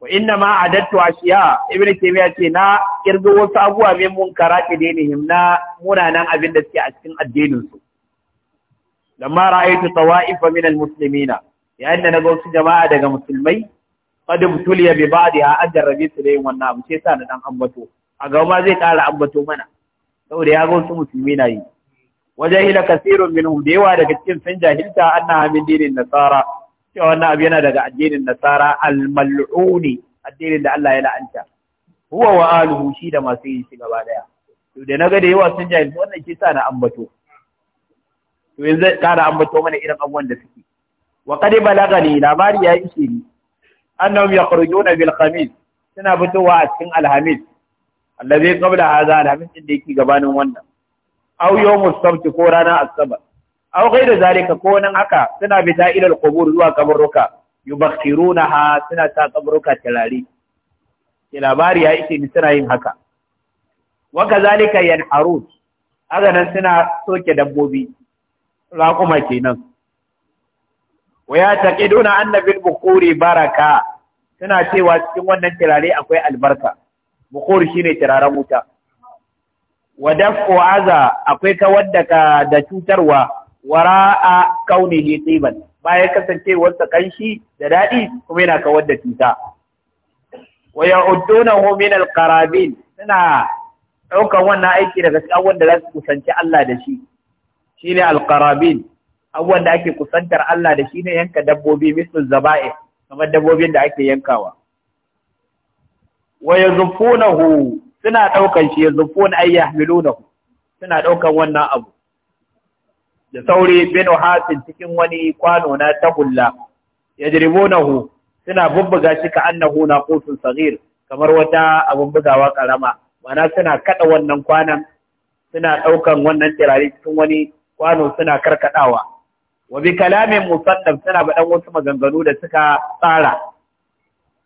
wa inna ma adattu ashiya ibnu taymiya ce na kirgo wasu abuwa min munkara da dinihim na munanan abin da suke a cikin addininsu. su lamma ra'aytu tawa'ifa min al musulmina. yayin da na ga wasu jama'a daga musulmai qad butuliya bi ba'diha an jarrabe su da yin wannan abu sai sa na dan ambato a gaba zai ƙara ambato mana saboda ya ga wasu musulmi na yi wajen hila kasirun min da yawa daga cikin sun jahilta annaha hamin dinin nasara cewa wannan abu yana daga addinin nasara al-mal'uni addinin da Allah ya la'anta huwa wa aluhu shi da masu yin shi gaba daya to da naga da yawa sun jahilta wannan ke sa na ambato to yanzu ƙara ambato mana irin abubuwan da suke wa qad balagani labari ya ishe ni annahum yakhrujuna bil khamis suna fitowa a cikin alhamis allazi qabla hadha alhamis din da yake gabanin wannan aw as sabt ko ranar asabar aw ghayra zalika ko nan haka suna bita ila al-qubur zuwa kaburuka yubakhirunaha suna ta kaburuka tarari ke labari ya yake ni suna yin haka wa kazalika yanharun aga nan suna soke dabbobi raquma kenan wa ya taqiduna anna bil bukuri baraka suna cewa cikin wannan turare akwai albarka bukhur shine turaren wuta wadaf daf'u aza akwai kawar da ka da cutarwa wara'a ne tsiban bayan kasance sa kanshi da daɗi kuma yana kawar da cuta wa ya'udunahu homin alqarabin suna ɗaukar wannan aiki daga cikin wanda za su kusanci Allah da shi Shi ne alqarabin abubuwan da ake kusantar Allah da shi ne yanka dabbobi mislu zaba'in. kamar dabbobin da ake yankawa wa yazfunahu suna daukan shi yazfun ay yahmilunahu suna daukan wannan abu da sauri bin hasin cikin wani kwano na tagulla yajribunahu suna bubbuga shi ka annahu naqutun saghir kamar wata abun bugawa karama mana suna kaɗa wannan kwanan suna daukan wannan tirare cikin wani kwano suna karkadawa wa bi kalamin musannaf tana faɗan wasu maganganu da suka tsara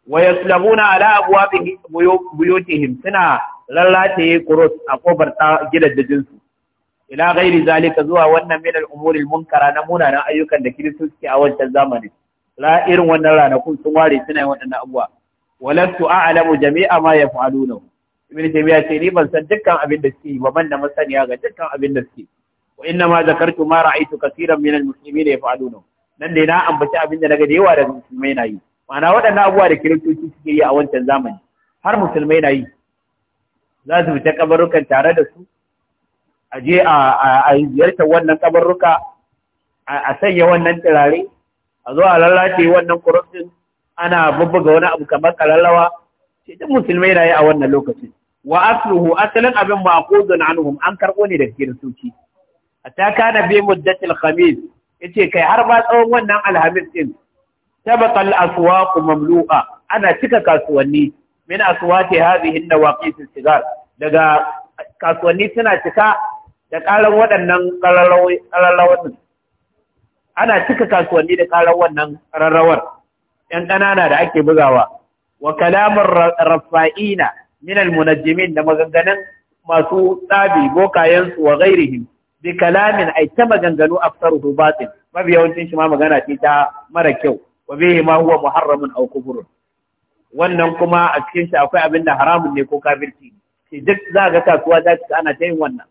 wa yaslamuna ala abwabi buyutihim tana lallataye kurus a kofar gidajen su ila ghairi zalika zuwa wannan min al-umuri al-munkara na munanan ayyukan da kristo suke a wancan zamani la irin wannan ranakun sun ware suna yin waɗannan abuwa walastu a'lamu jami'a ma yaf'aluna ibn taymiya ce ni ban san dukkan abin da suke ba ban da masaniya ga dukkan abin da suke wa inna ma zakartu ma ra'aytu kaseeran min al-muslimin yaf'aluna nan dai na ambaci abin da naga da yawa daga musulmai na yi ma'ana waɗannan abubuwa da kiristoci suke yi a wancan zamani har musulmai na yi za su fita kabarukan tare da su a je a ziyartar wannan kabarruka a sanya wannan turare a zo a lalace wannan kurofin ana bubbuga wani abu kamar kalalawa sai duk musulmai na yi a wannan lokacin wa asluhu asalin abin ma'qudun anhum an karɓo ne daga kiristoci hatta kana bi muddatil khamis yace kai har ba tsawon wannan alhamis din tabaqa al-aswaq mamlu'a ana cika kasuwanni min aswati hadhihi nawaqis al-sigar daga kasuwanni suna cika da karan waɗannan kararrawar ana cika kasuwanni da karan wannan kararrawar yan ƙanana da ake bugawa wa kalamin rafa'ina min al da maganganun masu tsabi bokayensu wa ghairihim bi kalamin ai ta maganganu afsaruhu batil mafi yawancin shi ma magana ce ta mara kyau wa bihi ma huwa muharramun aw kufrun wannan kuma a cikin shi akwai abin da haramun ne ko kafirci ne duk za ga kasuwa za ta ana ta yin wannan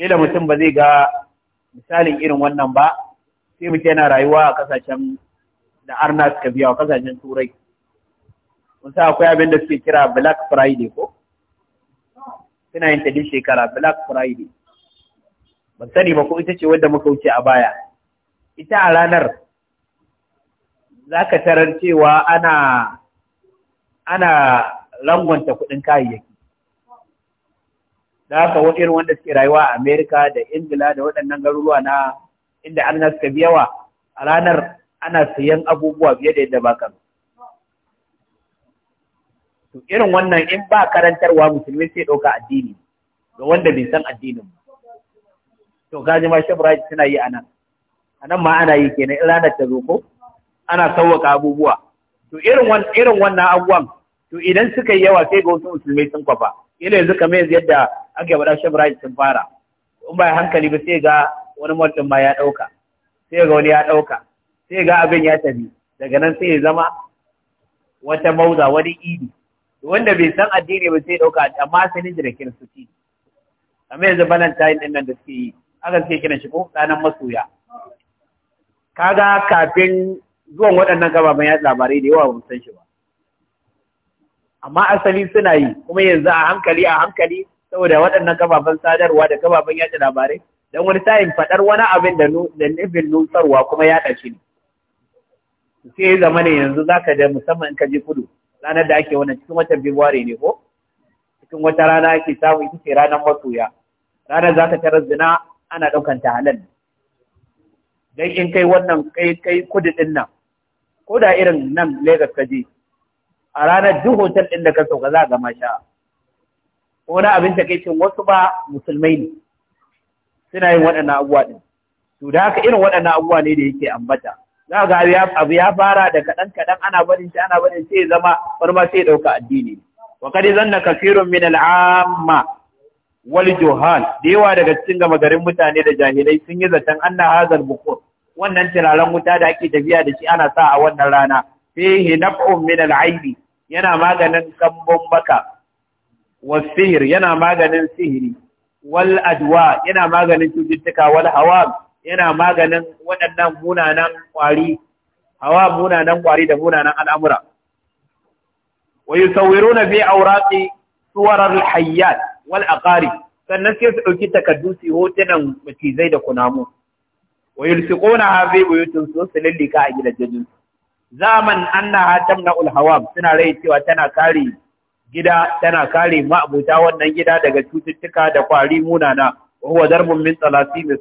kila mutum ba zai ga misalin irin wannan ba sai mutum yana rayuwa a kasashen da arna suka biya a kasashen turai mun sa akwai abin da suke kira black friday ko suna yin ta duk shekara Black Friday ban sani ba ko ita ce wadda muka wuce a baya ita a ranar za ka tarar cewa ana ana rangonta kuɗin kayayyaki da haka irin wanda suke rayuwa a Amerika da Ingila da waɗannan garuruwa na inda an suka biyawa a ranar ana sayan abubuwa fiye da yadda ba kano to irin wannan in ba karantarwa musulmi sai ɗauka addini ga wanda bai san addinin ba to gaji ma shabraji suna yi anan anan ma ana yi kenan in ranar ta zo ko ana sauwaka abubuwa to irin wannan irin wannan abubuwan to idan suka yi yawa sai ga wasu musulmai sun kwafa ila yanzu kamar yanzu yadda ake faɗa shabraji sun fara in ba hankali ba sai ga wani mutum ma ya ɗauka sai ga wani ya ɗauka sai ga abin ya tafi daga nan sai ya zama wata mauza wani idi wanda bai san addini ba sai dauka amma sanin da kiristoci kamar yanzu tayin din nan da suke yi aka suke kiran shi ko danan masoya kaga kafin zuwan waɗannan gababan yaɗa labarai da yawa ba san shi ba amma asali suna yi kuma yanzu a hankali a hankali saboda waɗannan gababan sadarwa da kafafen yaɗa labarai dan wani tayin faɗar wani abin da nufin nusarwa kuma yaɗa shi ne sai ya zama ne yanzu zaka da musamman in ka je kudu ranar da ake wannan cikin watan February ne ko cikin wata rana ake samu ita ce ranar masoya ranar za ka tarar zina ana ɗaukan ta halal dan in kai wannan kai kai kudu din nan ko da irin nan Lagos ka je a ranar duk hotel ɗin da ka sauka za ga masha ko na abin takaicin wasu ba musulmai ne suna yin waɗannan abubuwa ɗin to da haka irin waɗannan abubuwa ne da yake ambata za ga abu ya fara da kaɗan kaɗan ana barin shi ana barin sai zama farma ma sai ɗauka addini wa kadi zanna kafirun min al'amma wal juhal da yawa daga cikin gama garin mutane da jahilai sun yi zaton anna hazal bukur wannan turaren wuta da ake tafiya da shi ana sa a wannan rana fihi naf'un min al'aibi yana maganin kambon baka wa sihir yana maganin sihiri wal adwa yana maganin cututtuka wal hawam yana maganin waɗannan munanan ƙwari hawa munanan ƙwari da munanan al'amura wa na fi awraqi tsuwarar hayyat wal aqari sannan sai su ɗauki takardu su hotunan macizai da kunamu wa su ƙona hafi buyutun su su lillika a gidajen zaman an na na na ulhawam suna rai cewa tana kare gida tana kare ma'abuta wannan gida daga cututtuka da kwari munana huwa darbun min salasim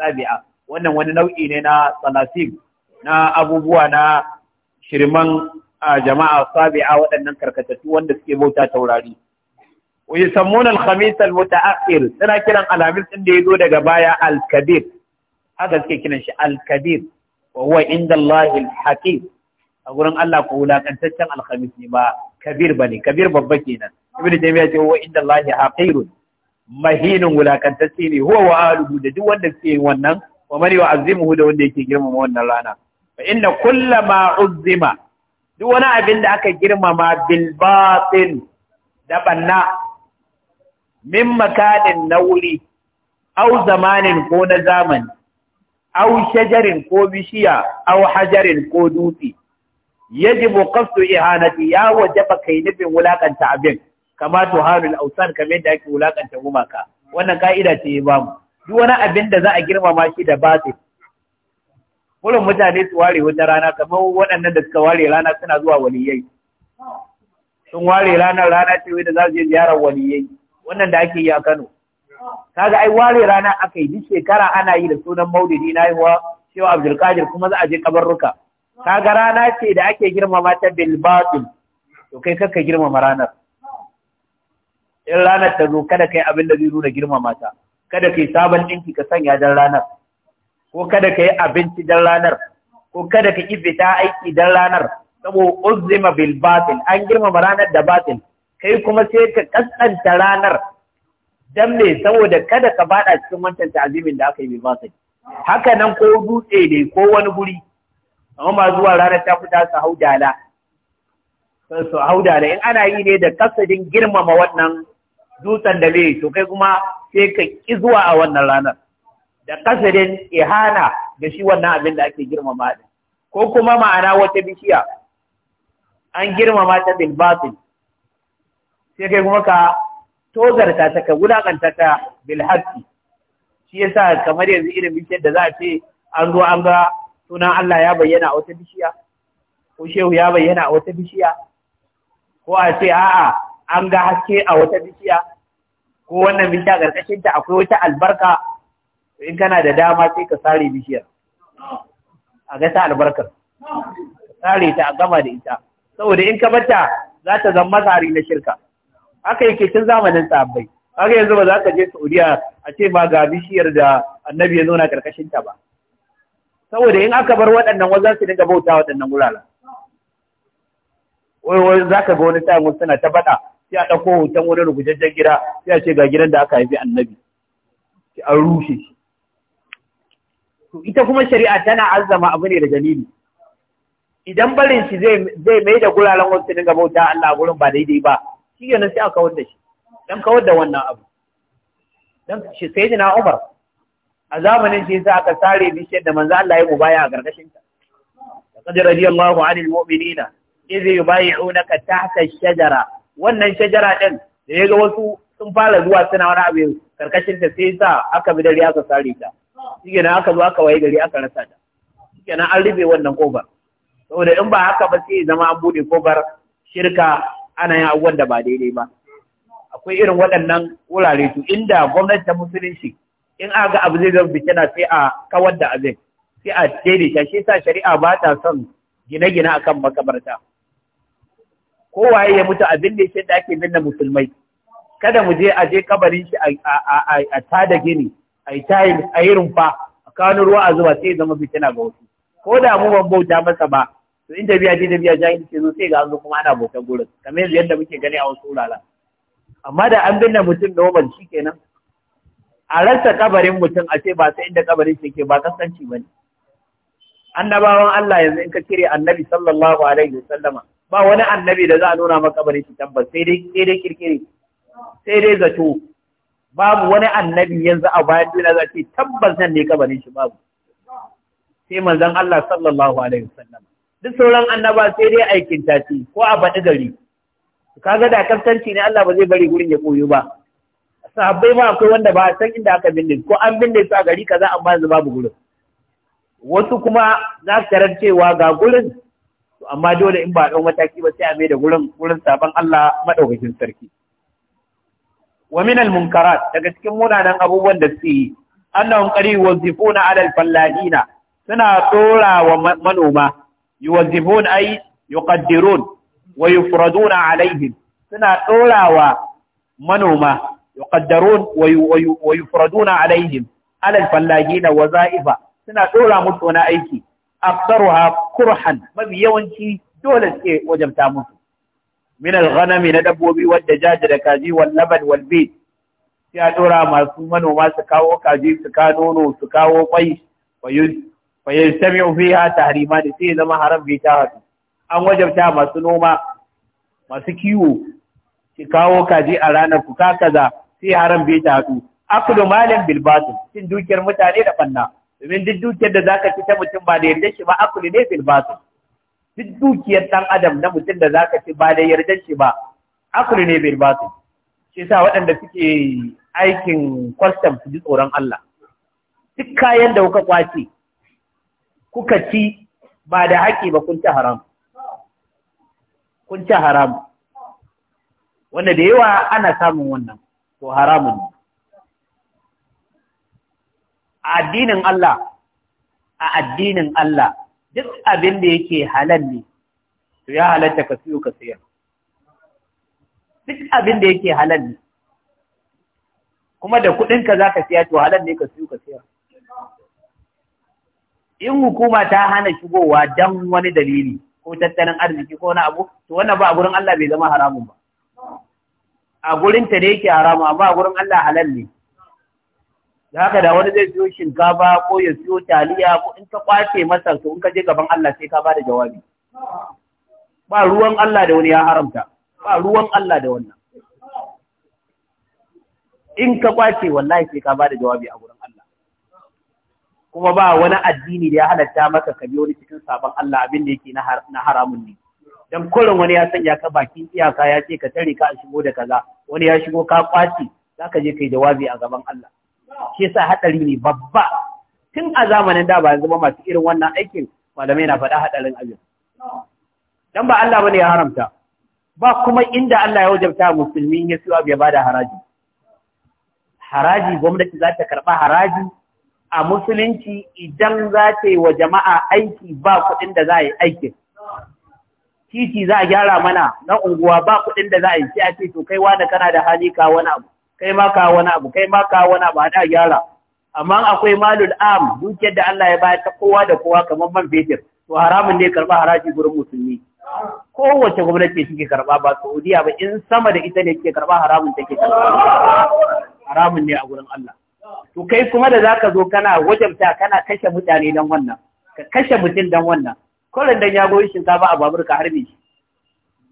sabi'a wannan wani nau'i ne na salasim na abubuwa na shirman jama'a sabi'a waɗannan karkatattu wanda suke bauta taurari wa yusammuna al-khamis al-muta'akhir suna kiran alhamis din da zo daga baya al-kabir haka suke kiran shi al-kabir wa huwa inda Allah al-hakim a gurin Allah ko wulakantaccen alhamis ne ba kabir bane kabir babba kenan ibnu taymiya ce wa inda Allah haqirun mahinin wulakantacce ne huwa wa aluhu da duk wanda suke yin wannan wa wa yu'azzimuhu da wanda yake girmama wannan rana fa inna kullama uzima. duk wani abin da aka girmama bil batin da banna min makanin nauri au zamanin ko na zamani au shajarin ko bishiya au hajarin ko dutse yajibu qasdu ihanati ya wajaba kai nufin wulakanta abin kama tuharul ausan kama yadda ake wulakanta gumaka wannan ka'ida ce ya bamu duk wani abin da za a girmama shi da batil kullum mutane su ware wata rana kamar waɗannan da suka ware rana suna zuwa waliyai sun ware ranar rana ce da za su je ziyarar waliyai wannan da ake yi a Kano kaga ai ware rana aka yi shekara ana yi da sunan maulidi na haihuwa cewa Abdulkadir kuma za a je kabarruka kaga rana ce da ake girmama ta bil batil to kai kakka girmama ranar in ranar ta zo kada kai abin da zai nuna girmama ta kada kai sabon ɗinki ka sanya dan ranar ko kada kai abinci dan ranar ko kada ka yi fita aiki dan ranar Sabo uzima bil batil an girmama ranar da batil kai kuma sai ka kaskanta ranar dan me saboda kada ka bada cikin wancan ta'azimin da aka yi bil batil haka nan ko dutse ne ko wani guri amma zuwa ranar ta fita su hau dala su hau in ana yi ne da kasadin girmama wannan dutsen da bai to kai kuma sai ka ƙi zuwa a wannan ranar da kasarin ihana da shi wannan abin da ake girmama din ko kuma ma'ana wata bishiya an girmama ta bil batil sai kai kuma ka tozarta ta ka wulakanta ta bil haqqi shi yasa kamar yanzu irin bishiyar da za a ce an zo an ga sunan Allah ya bayyana wata bishiya ko shehu ya bayyana a wata bishiya ko a ce a'a an ga haske a wata bishiya ko wannan bishiya ƙarƙashin ta akwai wata albarka in kana da dama sai ka sare bishiyar a ga ta albarkar sare ta a gama da ita saboda in ka bata za ta zama sari na shirka haka yake tun zamanin sabbai haka yanzu ba za ka je Saudiya a ce ma ga bishiyar da annabi ya zauna ƙarƙashin ta ba saboda in aka bar waɗannan wajen su dinga bauta waɗannan wuraren wai wai za ka ga wani sa'in wasu suna ta faɗa sai a ɗauko hoton wani rubutaccen gida sai a ce ga gidan da aka haifi annabi an rushe shi ita kuma shari'a tana azama abu ne da dalili idan barin shi zai mai da guraren wasu dinga bauta Allah gurin ba daidai ba shi yana sai a kawar da shi dan kawar da wannan abu dan shi sai jina Umar a zamanin shi sai aka sare bishiyar da manzo Allah ya baya a gargashin ta qad radiyallahu anil mu'minina idh yubay'unaka tahta ash-shajara wannan shajara ɗin da ya ga wasu sun fara zuwa suna wani abu karkashin ta sai sa aka bi dare aka sare ta shike nan aka zo aka waye gari aka rasa ta shike nan an rufe wannan kofar saboda in ba haka ba sai zama an buɗe kofar shirka ana yin abubuwan da ba daidai ba akwai irin waɗannan wurare to inda gwamnati ta musulunci in aka abu zai zama bikina sai a kawar da abin sai a daidaita shi sa shari'a ba ta son gine-gine akan makabarta kowaye ya mutu abin da shi da ake binne musulmai kada mu je a je kabarin shi a da gini a yi tayin a yi rumfa a kawo ruwa a zuba sai zama fitina ga wasu ko da mu ban bauta masa ba to in tafiya ce tafiya jahil ce zo sai ga an kuma ana bautar gurin kamar yanzu yadda muke gani a wasu wuraren amma da an binne mutum noman shi kenan a rasa kabarin mutum a ce ba sai inda kabarin shi ke ba kasance ba ne annabawan Allah yanzu in ka kire annabi sallallahu alaihi wasallama ba wani annabi da za a nuna maka bane shi tabbas sai dai sai dai sai dai zato babu wani annabi yanzu a bayan duniya za ce tabbas nan ne kabarin shi babu sai manzon Allah sallallahu alaihi wasallam duk sauran annaba sai dai aikin tace ko a bada gari kaga da kaftanci ne Allah ba zai bari gurin ya koyo ba sahabbai ma akwai wanda ba san inda aka binne ko an binne su a gari kaza amma yanzu babu gurin wasu kuma za su tarar cewa ga gurin amma dole in ba ɗan mataki ba sai a mai da gurin gurin sabon Allah maɗaukakin sarki wa min al munkarat daga cikin munanan abubuwan da suke yi annahum qari yuwazzifuna ala al falladina suna tsora wa manoma yuwazzifun ay yuqaddirun wa yufraduna alaihim suna tsora wa manoma yuqaddarun wa yufraduna alaihim ala al falladina wazaifa suna tsora musu wani aiki aktaruha kurhan mafi yawanci dole suke wajabta musu min al-ghanami na dabbobi wadda jaji da kaji wal laban wal bid sai a dora masu manoma su kawo kaji su kawo nono su kawo kwai fa yajtami'u fiha da sai zama haram bi ta hadu an wajabta masu noma masu kiwo ki kawo kaji a ranar ku ka kaza sai haram bi ta hadu aklu malin bil batil cin dukiyar mutane da banna domin duk dukiyar da zaka ci ta mutum ba da yarda shi ba akuli ne bil batil duk dukiyar dan adam na mutum da zaka ci ba da yarda shi ba akuli ne bil batil shi yasa waɗanda suke aikin kwastam su ji tsoron Allah duk kayan da kuka kwace kuka ci ba da haƙi ba kun ci haram kun ci haram wanda da yawa ana samun wannan to haramun ne a addinin Allah a addinin Allah duk abin da yake halal ne to ya halatta ka siyo ka siya, duk abin da yake halal ne kuma da za ka siya to halal ne ka siyo ka siya. in hukuma ta hana shigowa don wani dalili ko tattalin arziki ko wani abu to wannan ba a gurin Allah bai zama haramun ba a gurin ta da yake haramu amma a gurin Allah halal ne da haka da wani zai siyo shinkafa ko ya siyo taliya ko in ka kwace masa to in ka je gaban Allah sai ka bada jawabi ba ruwan Allah da wani ya haramta ba ruwan Allah da wannan in ka kwace wallahi sai ka bada jawabi a gurin Allah kuma ba wani addini da ya halatta maka ka biyo cikin sabon Allah abin da yake na haramun ne dan kullum wani ya sanya ka bakin iyaka ya ce ka tare ka shigo da kaza wani ya shigo ka kwace zaka je kai jawabi a gaban Allah shi sa haɗari ne babba tun a zamanin da ba zama masu irin wannan aikin malamai na faɗa haɗarin abin dan ba Allah bane ya haramta ba kuma inda Allah ya wajabta musulmi ya siwa bai bada haraji haraji gwamnati za ta karɓa haraji a musulunci idan za ta yi wa jama'a aiki ba kuɗin da za a yi aikin titi za a gyara mana na unguwa ba kuɗin da za a yi sai a ce to kai wani kana da hali ka wani abu kai ma ka wani abu kai ma ka wani abu hada gyara amma akwai malul am dukiyar da Allah ya bayar ta kowa da kowa kamar man fetur to haramun ne karba haraji gurin musulmi kowace gwamnati take karba ba Saudiya ba in sama da ita ne ke karba haramun take karba haramun ne a gurin Allah to kai kuma da zaka zo kana wajabta kana kashe mutane dan wannan ka kashe mutum dan wannan kullun dan ya goyi shinkafa a babur ka harbe shi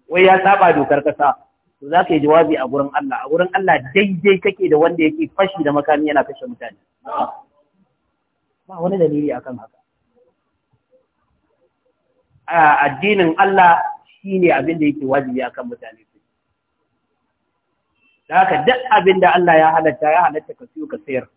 wai ya saba dokar kasa to za ka yi jawabi a gurin Allah a gurin Allah daidai kake da wanda yake fashi da makami yana kashe mutane ba wani dalili akan haka a addinin Allah shine abin da yake wajibi akan mutane da haka duk abin da Allah ya halatta ya halatta ka siyo ka sayar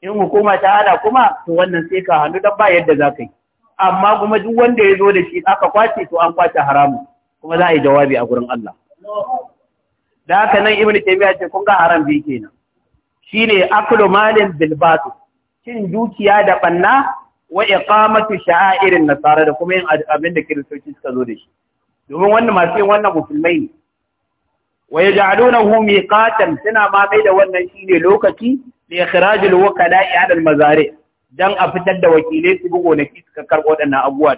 in hukuma ta hada kuma to wannan sai ka hannu don ba yadda za ka yi amma kuma duk wanda ya zo da shi aka kwace to an kwace haramun kuma za a yi jawabi a gurin Allah da haka nan ibnu taymiya ce kun ga haram biyu kenan shine aklu malin bil cin dukiya da banna wa iqamatu irin nasara da kuma yin abin da kiristoci suka zo da shi domin wannan masu yin wannan musulmai ne wa yaj'alunahu miqatan suna ma mai da wannan shine lokaci li ikhrajil wukala'i 'ala mazari dan a fitar da wakilai su bugo na su karbo wadannan wa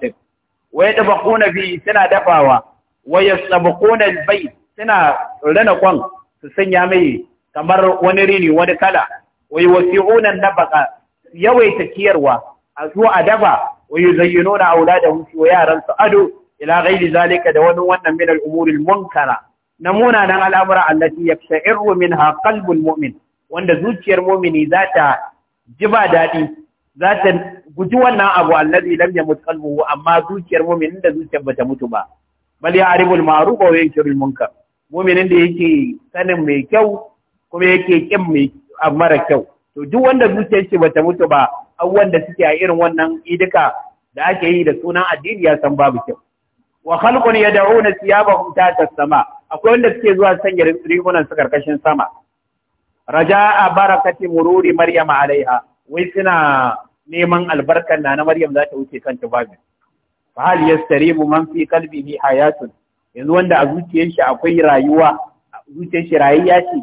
yadbaquna suna dafawa wa yasabquna bai suna rana kwan su sanya mai kamar wani rini wani kala wa yuwasi'una nabaqa yawaita kiyarwa a zo a daba a wula da fi wa yaran su ado ila ghairi zalika da wani wannan min al-umuri al-munkara nan al'amura allati min minha qalbul mu'min wanda zuciyar mu'mini za ta ji ba daɗi za ta guji wannan abu allazi lam yamut qalbuhu amma zuciyar mu'minin da zuciyar bata mutu ba bal ya arimul ma'ruf wa yankirul munkar mu'minin da yake sanin mai kyau kuma yake kin mai ah, mara kyau to duk wanda zuciyar shi bata mutu ba abubuwan da suke a irin wannan idika da ake yi da sunan addini ya san babu kyau wa khalqun yad'una siyabahum ta sama akwai wanda suke zuwa sanya rigunan su karkashin sama raja'a barakati mururi maryam alaiha wai suna neman albarkar na na maryam za ta wuce kan tubabin fa hal mu man fi qalbihi hayatun yanzu wanda a zuciyar shi akwai rayuwa zuciyar shi rayuwa ce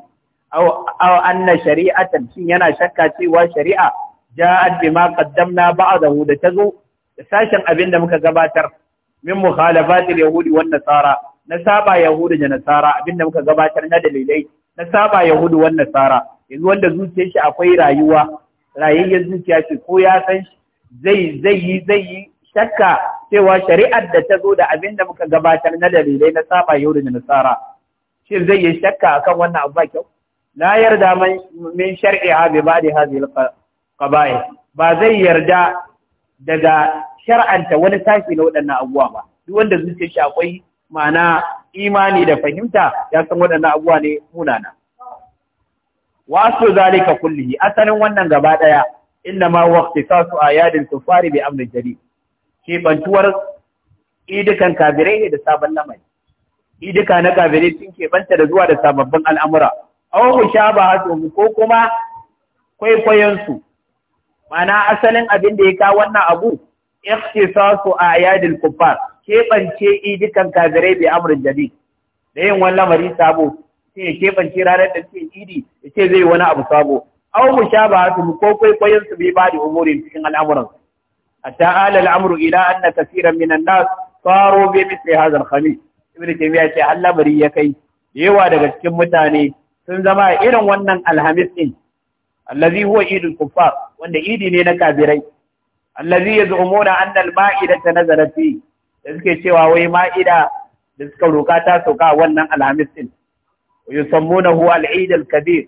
aw aw anna shari'atan shin yana shakka cewa shari'a ja'at bima qaddamna ba'dahu da tazo da sashen abin da muka gabatar min mukhalafatil yahudi wan nasara na saba yahudi da nasara abin da muka gabatar na dalilai na saba yahudi wan nasara yanzu wanda zuciyar shi akwai rayuwa Rayuwar zuciya ce ko ya san zai zai yi zai yi shakka cewa shari'ar da ta zo da abin da muka gabatar na dalilai na saba yau da nasara shi zai yi shakka akan wannan abu ba kyau la yarda min shar'iha bi ba'di hadhihi al ba zai yarda daga shar'anta wani sashi na waɗannan abubuwa ba duk wanda zuciyar shi akwai ma'ana imani da fahimta ya san waɗannan abubuwa ne munana wasu zalika kullihi asalin wannan gaba daya inna ma waqtisasu su tufari bi amri jari kebantuwar idukan kabirai ne da sabon lamari idika na kabirai sun kebanta da zuwa da sababbin al'amura mu aw mu, ko kuma kwaikwayonsu. mana asalin abin da ya kawo wannan abu su a yadin kufa, keɓance idikan kabirai bai amurin jabi, da yin wani lamari sabo sai ya keɓance ranar da ke idi ya ce zai wani abu sabo aw mu, ko kwaikwayonsu bai ba da umurin cikin al'amuran hatta ala Amru ila anna kaseeran minan nas faru bi mithli hadha al-khamis ibnu taymiya ce al'amari ya kai yawa daga cikin mutane sun zama irin wannan alhamis din allazi huwa idul kuffar wanda idi ne na kafirai allazi yaz'umuna a al-ma'idata fi da suke cewa wai ma'ida da suka roka ta sauka wannan alhamis din yusammunahu al-eid al-kabir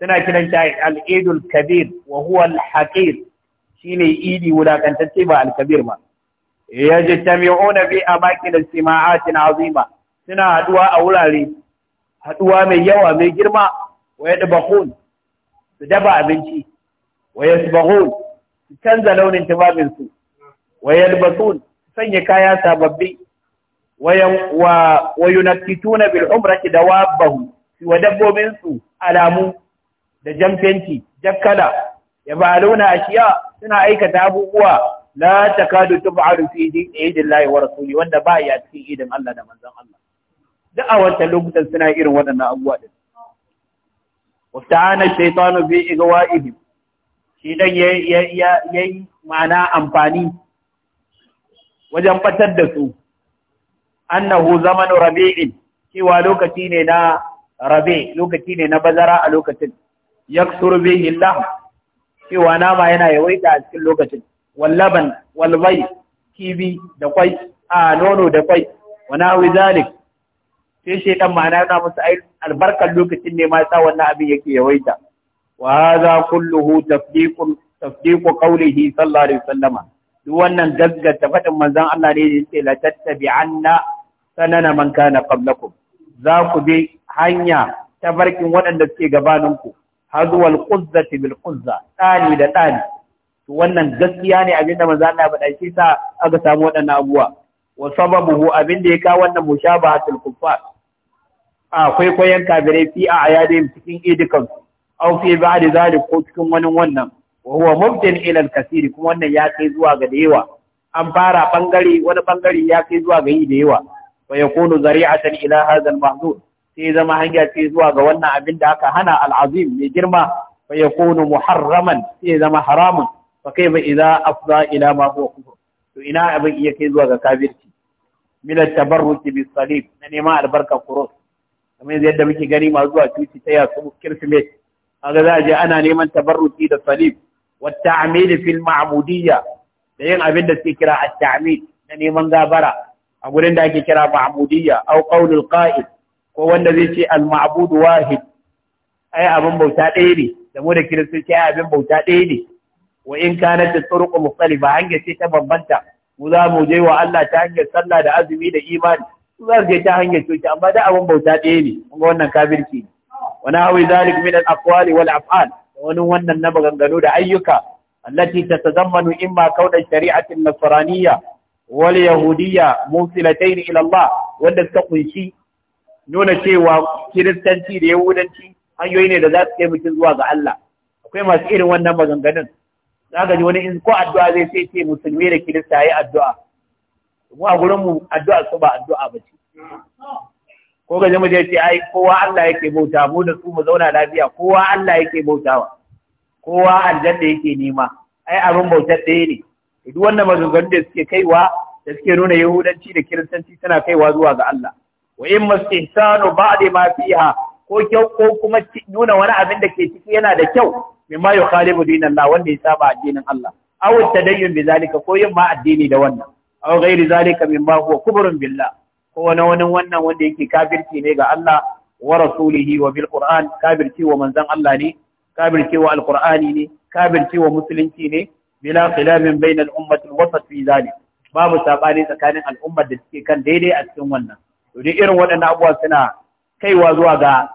suna kiran shi al-eid al-kabir wa huwa al-haqir shine idi wulakantacce ba alkabir ba Ya yajtami'una fi amakin istima'atin azima suna haduwa a wurare haduwa mai yawa mai girma wa hun su dafa abinci wa yasbahun su canza launin tufafin su wa yalbasun sanya kaya sababbi wa nafitu na bil umrati dawabahu wa dabbobin su alamu da jamfenci jakkala yafaluna ashiya suna aikata abubuwa la takadu tub'alu fi dinillahi wa rasuli wanda ba ya cikin idin Allah da manzan Allah duk a wancan lokutan suna irin waɗannan abubuwa din wasta'ana shaytanu bi igwa'ihim shi dan yayi ma'ana amfani wajen fatar da su annahu zamanu rabi'in cewa lokaci ne na rabi lokaci ne na bazara a lokacin yaksuru bihi cewa nama yana yawaita a cikin lokacin wallaban walbai kibi da kwai a nono da kwai Wani awi zalik sai shaitan ma'ana yana musu albarkar lokacin ne ma sa wannan abin yake yawaita wa za kulluhu tafdiqun tafdiqu qawlihi sallallahu alaihi wasallama duk wannan gaskata faɗin manzon Allah ne yace la tattabi'anna sanana man kana qablakum za ku bi hanya ta barkin waɗanda suke gabaninku hazuwal quzzati bil quzza ɗani da ɗani. to wannan gaskiya ne abinda manzo Allah ya faɗa shi sa aka samu waɗannan abubuwa wa sababuhu abinda ya kawo wannan mushabahatul kuffar akwai koyan kafirai fi a ayadin cikin idikan aw fi ba'di zalik ko cikin wani wannan wa huwa mubdin ila al-kasiri kuma wannan ya kai zuwa ga da yawa an fara bangare wani bangare ya kai zuwa ga yi da yawa wa yakunu zari'atan ila hadha al sai zama hanya ce zuwa ga wannan abin da aka hana al'azim mai girma fa yakunu muharraman sai zama haramun fa kaifa idza afza ila ma huwa kufr to ina abin iya kai zuwa ga kafirci min at-tabarruki bi salib na nema albarka kuros kamar yadda muke gani ma zuwa cuci ta yasu kirsimet kaga za a je ana neman tabarruki da salib wa ta'mil fil ma'budiyya da yin abin da suke kira at-ta'mil na neman gabara a gurin da ake kira ma'budiyya au qaulul qa'id ko wanda zai ce al wahid ai abin bauta ɗaya ne da mu da kiristoci ai abin bauta ɗaya ne wa in ta turuqu mukhtalifa hanya ce ta bambanta mu za mu je wa Allah ta hanyar sallah da azumi da imani su za su je ta hanyar coci amma da abin bauta ɗaya ne kun ga wannan kafirci ne wa nahwi zalik min al-aqwali wal af'al wani wannan na maganganu da ayyuka allati tatazammanu imma kauna shari'atin nasraniyya wal yahudiyya musilatain ila Allah wanda suka kunshi nuna cewa kiristanci da yahudanci hanyoyi ne da za su kai mutum zuwa ga Allah akwai masu irin wannan maganganun za ka ji wani in ko addu'a zai sai ce musulmi da kirista yi addu'a mu a gurin mu addu'a su ba addu'a ba ce ko ga jama'a ce ai kowa Allah yake bauta mu da su mu zauna lafiya kowa Allah yake bautawa kowa aljanna yake nema ai abin bautar ɗaya ne duk wannan maganganun da suke kaiwa da suke nuna yahudanci da kiristanci tana kaiwa zuwa ga Allah wa in mastihsanu ba'da ma fiha ko kyau ko kuma nuna wani abin da ke ciki yana da kyau mimma yukhalifu dinallah wanda ya saba addinin Allah aw tadayyun bi zalika ko yin ma addini da wannan aw ghairi zalika mimma huwa kubrun billah ko wani wani wannan wanda yake kafirci ne ga Allah wa rasulihi wa bil qur'an kafirci wa manzon Allah ne kafirci wa ne kafirci wa musulunci ne bila khilafin bainal ummati wasat fi zalik babu sabani tsakanin al'ummar da suke kan daidai a cikin wannan duk irin waɗannan abubuwa suna kaiwa zuwa ga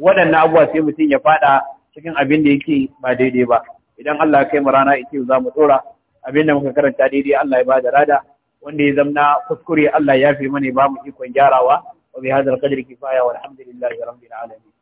waɗannan abubuwa sai mutum ya faɗa cikin abin da yake ba daidai ba idan Allah ya kai mu rana yake za mu dora abin da muka karanta daidai Allah ya ba da rada wanda ya zamna kuskure Allah ya fi mana ba mu ikon gyarawa wa bi hadal qadri kifaya walhamdulillahi rabbil alamin